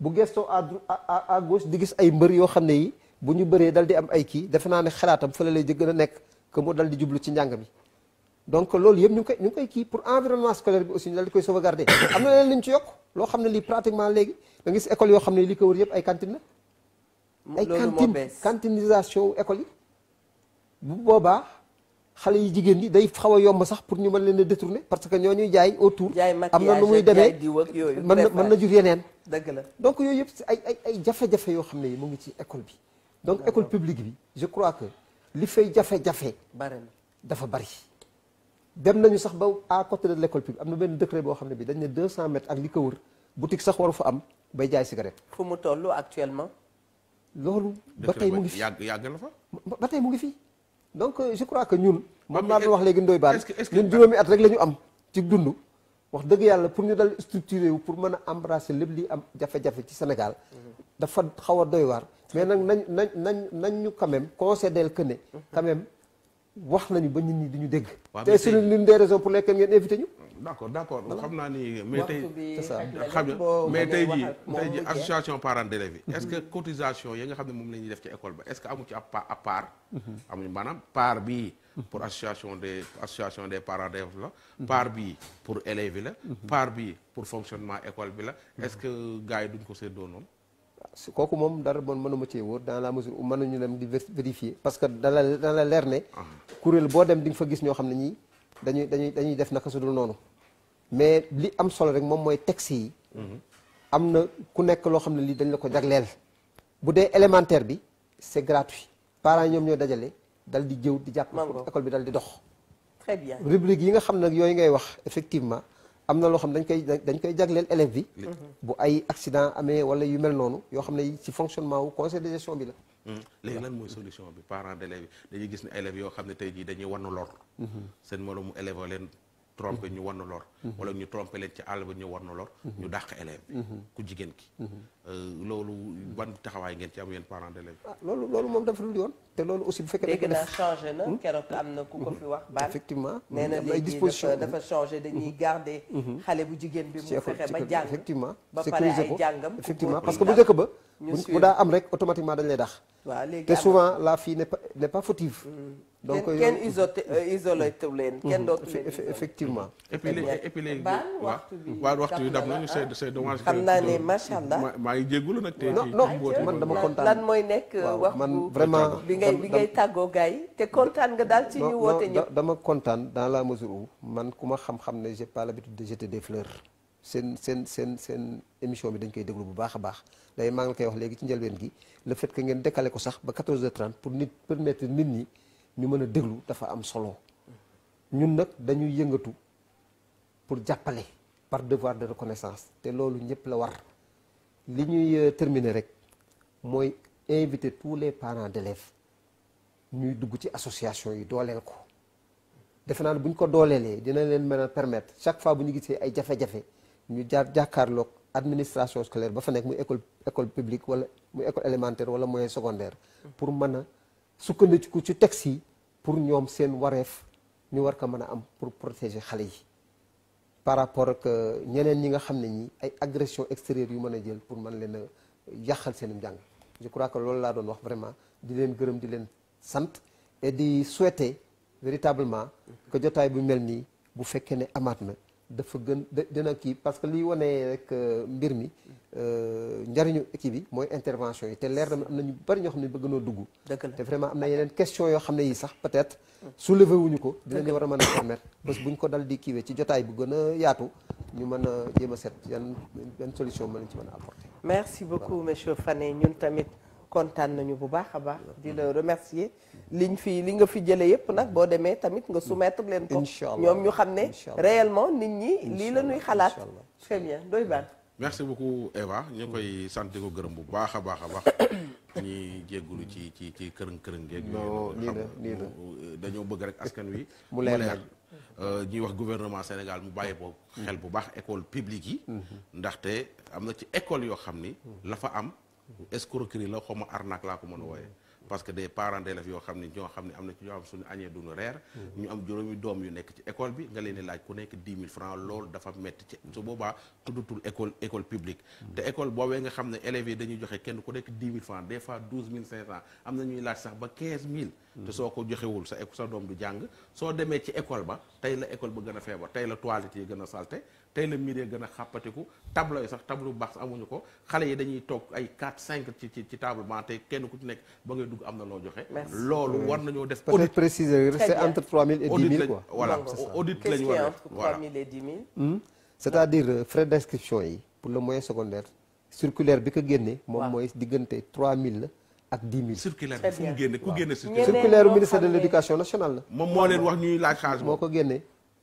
bu gestoo à à à gauche di gis ay mbër yoo xam ne yi bu ñu bëree dal di am ay kii defe naa ne xalaatam fële lay gën a nekk que mu dal di jublu ci njàng mi. donc loolu yëpp ñu ngi koy ñu ngi koy kii pour environnement scolaire bi aussi ñu daal di koy sauvegarder am na leen lu ñu ci yokk loo xam ne lii pratiquement léegi nga gis école yoo xam ne li ko wër yëpp ay cantine la ay cantine cantinisation école yi bu boobaa xale yi jigéen ñi day xaw a yomb sax pour ñu mën leen a détourner parce que ñoo ñuy jaay autour am na nu muy demee mën na mën na jur yeneen la donc yooyu yëpp ay ay ay jafe-jafe yoo xam ne yi mu ngi ci école bi donc école publique bi je crois que li fay jafe-jafe dafa bari dem nañu sax ba à côté de l' école am na benn décret boo xam ne bi dañ ne 200 mètres ak li ko wër sax waru fa am bay jaay cigarette. fu mu toll actuellement. loolu ba tey mu ngi fi yàgg na fa. ba tey mu ngi fi donc euh, je crois que ñun. moom laa doon wax léegi Ndoye Bane ñun juróomi at rek la ñu am ci dund. wax dëgg yàlla pour ñu dal structuré wu pour mën a embrasser lép li am jafe-jafe ci Sénégal. dafa xaw a doy waar. mais nag nañ nañ nañ nañ ñu quand même concédé que ne. wax nañu ba nit ñi duñu dégg. te c'est l'une des raisons pour lesquelles ngeen invité ñu. d'accord d'accord naa ni mais tey. xam nga mais tey jii tey jii association parents d'élèves est-ce que mm-hmm. cotisation yi nga xam ne moom la def ci école ba est-ce que amu ci ab part à mm-hmm. part. amuñu maanaam part bii. Mm-hmm. pour association des association des parents d'élèves la. part bii pour élèves yi la. part bii pour fonctionnement école bi la. est-ce que gars yi duñ ko séddoo noonu. su kooku moom dara man mënuma cee wóor dans la mesure où mënuñu dem di vérifier parce que dana dana leer ne ah. kuréel boo dem di nga fa gis ñoo xam ne ñii dañuy dañuy dañuy def naka su dul noonu mais li am solo rek moom mooy texte yi mm-hmm. am na ku nekk loo xam ne lii dañ la ko jagleel bu dee élémentaire bi c'est gratuit parents ñoom ñoo dajale dal di jëw di jàpp école bi dal di dox très bien rubrique yi nga xam nag yooyu ngay wax effectivement am na loo xam dañ koy dañ koy jagleel élève bi mm-hmm. bu ay accident amee wala yu mel noonu yoo xam ne ci fonctionnement wu conseil de gestion bi la mm-hmm. léegi lan mooy solution bi parents d'élèves yi dañuy gis ne élèves yoo xam ne tey jii dañuy wan lor mm-hmm. seen mu élève leen trompé mhm. ñu war na lor mhm. wala ñu trompé leen ci àll ba ñu war na lor mhm. ñu dàq élève bi ku jigéen ki euh, loolu ban taxawaay ngeen ci am yéen parents d'élèves ah, loolu loolu moom dafa dul yoon te loolu aussi bu fekkee dégg naa changé na hmm? keroog am na ku ko hmm? fi wax baan effectivement nee léegi dafa changé hmm? dañuy garder xale bu jigéen bi mu fexe ba jàng ba pare ay jàngam effectivement parce que bu njëkk ba bu daa am rek automatiquement dañ lay dax waaw léegi te souvent la fille n'est pas n'est pas fautive. Mm. donc kenn euh, isolé leen kenn mm-hmm. dootu leen effectivement. et puis léegi et puis léegi waxtu bi waxtu bi daf nañu c'est c'est maa ngi jégalu nag. tey non non man dama kontaan lan mooy nekk waxtu man vraiment bi ngay bi ngay tàggoo gars yi te kontaan nga daal ci ñu woote ñëpp. dama kontaan dans la mesure où man ku ma xam-xam ne j'ai pas l'habitude de jeter des fleurs. seen seen seen seen émission bi dañ koy déglu bu baax a baax day maa ngi la koy wax léegi ci njëlbeen gi le fait que ngeen décalé ko sax ba 14h30 pour nit permettre nit ñi ñu mën a déglu dafa am solo ñun nag dañuy yëngatu pour jàppale par devoir de reconnaissance te loolu ñëpp la war li ñuy euh, terminer rek mooy invité tous les parents d'élèves ñuy dugg ci association yi dooleel ko defe naa bu ñu ko dooleelee dina leen mën a permettre chaque fois bu ñu gisee ay jafe ñu jaar jàkkaarloog administration scolaire ba fa nekk muy école école publique wala mu école élémentaire wala moyen secondaire. pour mën a sukkandiku ci texte yi pour ñoom seen wareef ñu war ko mën a am pour protéger xale yi. par rapport ak euh, ñeneen ñi nga xam ne ñi ay agression extérieure yu mën a jël pour mën leen a yàqal seen njàng je crois que loolu laa doon wax vraiment di leen gërëm di leen sant et di souhaiter véritablement que jotaay bu mel nii bu fekkee ne amaat na dafa gën dina kii parce que li wane rek euh, mbir mi euh, njariñu équipe bi mooy intervention yi te leer na am na ñu bari ñoo xam ne bëgg noo dugg. te vraiment am na yeneen question yoo xam ne yi sax peut sou soulever wuñu ko. dinañu war a man a permettre parce que buñ ko dal di kiiwee ci jotaay bu gën a yaatu ñu mën a jéem a set yan yan solution mën nañu ci mën a apporter. merci beaucoup monsieur Fane ñun tamit. kontaan nañu bu baax a baax mm-hmm. di la remercier liñ fi li nga fi jële yëpp nag boo demee tamit nga soumettre leen ko ñoom ñu xam ne réellement nit ñi lii la ñuy xalaat très bien doy baan merci beaucoup Eva ñu koy sant ko gërëm bu baax a baax a baax ñi jéggulu ci ci ci kërën kërën geeg yooyu dañoo bëgg rek askan wi mu leer euh, ñuy wax gouvernement Sénégal mu bàyyi ko mm-hmm. xel bu baax école publique yi mm-hmm. ndaxte am na ci école yoo xam ni la am escroquerie la xaw ma arnaque laa ko mën a wooyee parce que des parents d'élèves yoo xam ne ñoo xam ne am na ci ñoo xam suñu añee duñu reer ñu am juróomi doom yu nekk ci école bi nga leen laaj ku nekk dix mille francs loolu dafa métti ci su boobaa tuddutul école école publique te école boobee nga xam ne élèves dañuy joxe kenn ku nekk dix mille francs des fois douze mille cinq cent am na ñuy laaj sax ba quinze mille te soo ko joxewul sa sa doom du jàng soo demee ci école ba tey la école ba gën a feebar tey la toilette yi gën a salte tey la mire gën a xàppatiku tableau yi sax amuñu ko xale dañuy toog ay 4 5 ci ci ci table ba tey kenn ku ci nekk ba ngay dugg am na loo joxe loolu war nañoo def peut c'est entre 3000 et a def voilà 3000 et 10 000 hmm? c'est-à-dire euh, frais d'inscription yi pour le moyen secondaire circulaire bi ko génne moom mooy diggante 3000 la ak dix mille. circulaire bi fu mu génne ku génne. circulaire ministère de l' nationale la. moom leen wax ñuy laaj xaalis. moo ko génnee.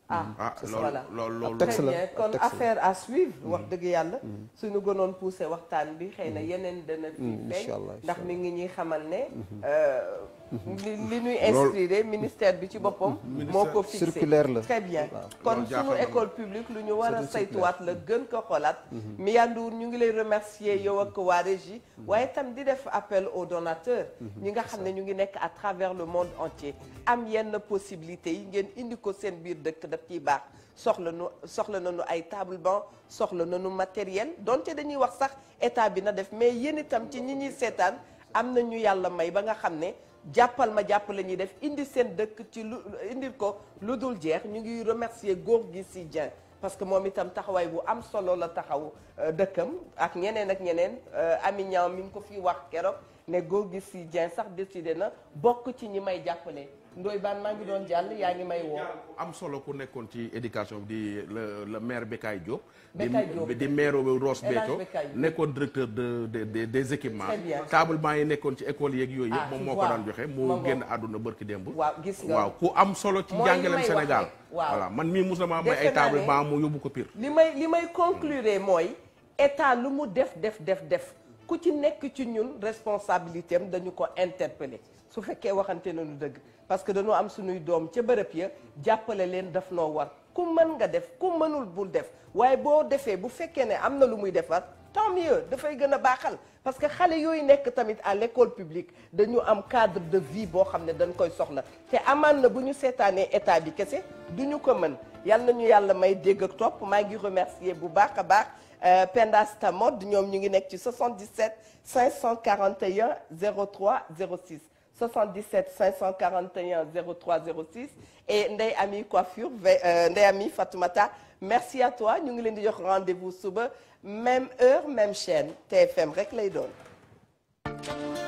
ah, mm. ah voilà loolu loolu très bien kon affaire à suivre mm. wax dëgg yàlla mm. suñu gënoon poussé waxtaan bi xëy na yeneen dana fi feeñ ndax mi ngi ñuy xamal ne mm-hmm. euh, li mm-hmm. ñuy inspiré ministère bi ci boppam mm-hmm. moo ko fixé circulaire la très bien kon suñu école publique lu ñu war a saytuwaat la gën ko xolaat Miya Ndour ñu ngi lay remercier yow ak waa régie waaye tam di def appel au donateur ñi nga xam ne ñu ngi nekk à travers le monde entier am yenn possibilités yi ngeen indi ko seen biir dëkk daf ciy baax soxla nu soxla nañu ay table ba soxla nañu matériel donte dañuy wax sax état bi na def mais yéen itam ci ñi ñuy seetaan am na ñu yàlla may ba nga xam ne jàppal ma jàpp la ñuy def indi seen dëkk ci lu indil ko lu dul jeex ñu ngi remercier góor gi si Dieng parce que moom itam taxawaay bu am solo la taxaw euh, dëkkam ak ñeneen ak ñeneen euh, Amignan mi ngi ko fi wax keroog ne góor gi si Dieng sax décidé na bokk ci ñi may jàppale. Ndoye Bane maa ngi doon jàll yaa ngi may woo. am solo ku nekkoon ci éducation di le le maire Bekaay Diop. Bekaay Diop di maire Ross Béthio nekkoon directeur de de des équipements. tablement yi nekkoon ci école yeeg yooyu yëpp. Ah, moom moo ko daan joxe moo génn àdduna bërki démb. waaw gis nga waaw ku am solo ci njàngaleem Sénégal. voilà man mii mos na maa may ay tablement mu yóbbu ko pire. li may li may conclure mooy état lu mu def def def def. ku ci nekk ci ñun responsabilité am dañu ko interpeller su fekkee waxante nañu dëgg. parce que dañoo am suñuy doom ca bërëb ya jàppale leen daf noo war ku mën nga def ku mënul bul def waaye boo defee bu fekkee ne am na lu muy defar tant mieux dafay gën a baaxal parce que xale yooyu nekk tamit à l'école publique dañu am cadre de vie boo xam ne dañ koy soxla te amaan na bu ñu seetaanee état bi kese du ñu ko mën yal na ñu yàlla may dégg ak topp maa ngi remercier bu baax a baax euh, Penda Stamod ñoom ñu ngi nekk ci 77 541 03 06 77 541 03 06 et Ndeye Ami Coiffure euh, Ndeye Ami Fatoumata merci à toi ñu ngi leen di jox rendez-vous suba même heure même chaîne TFM rek lay doon.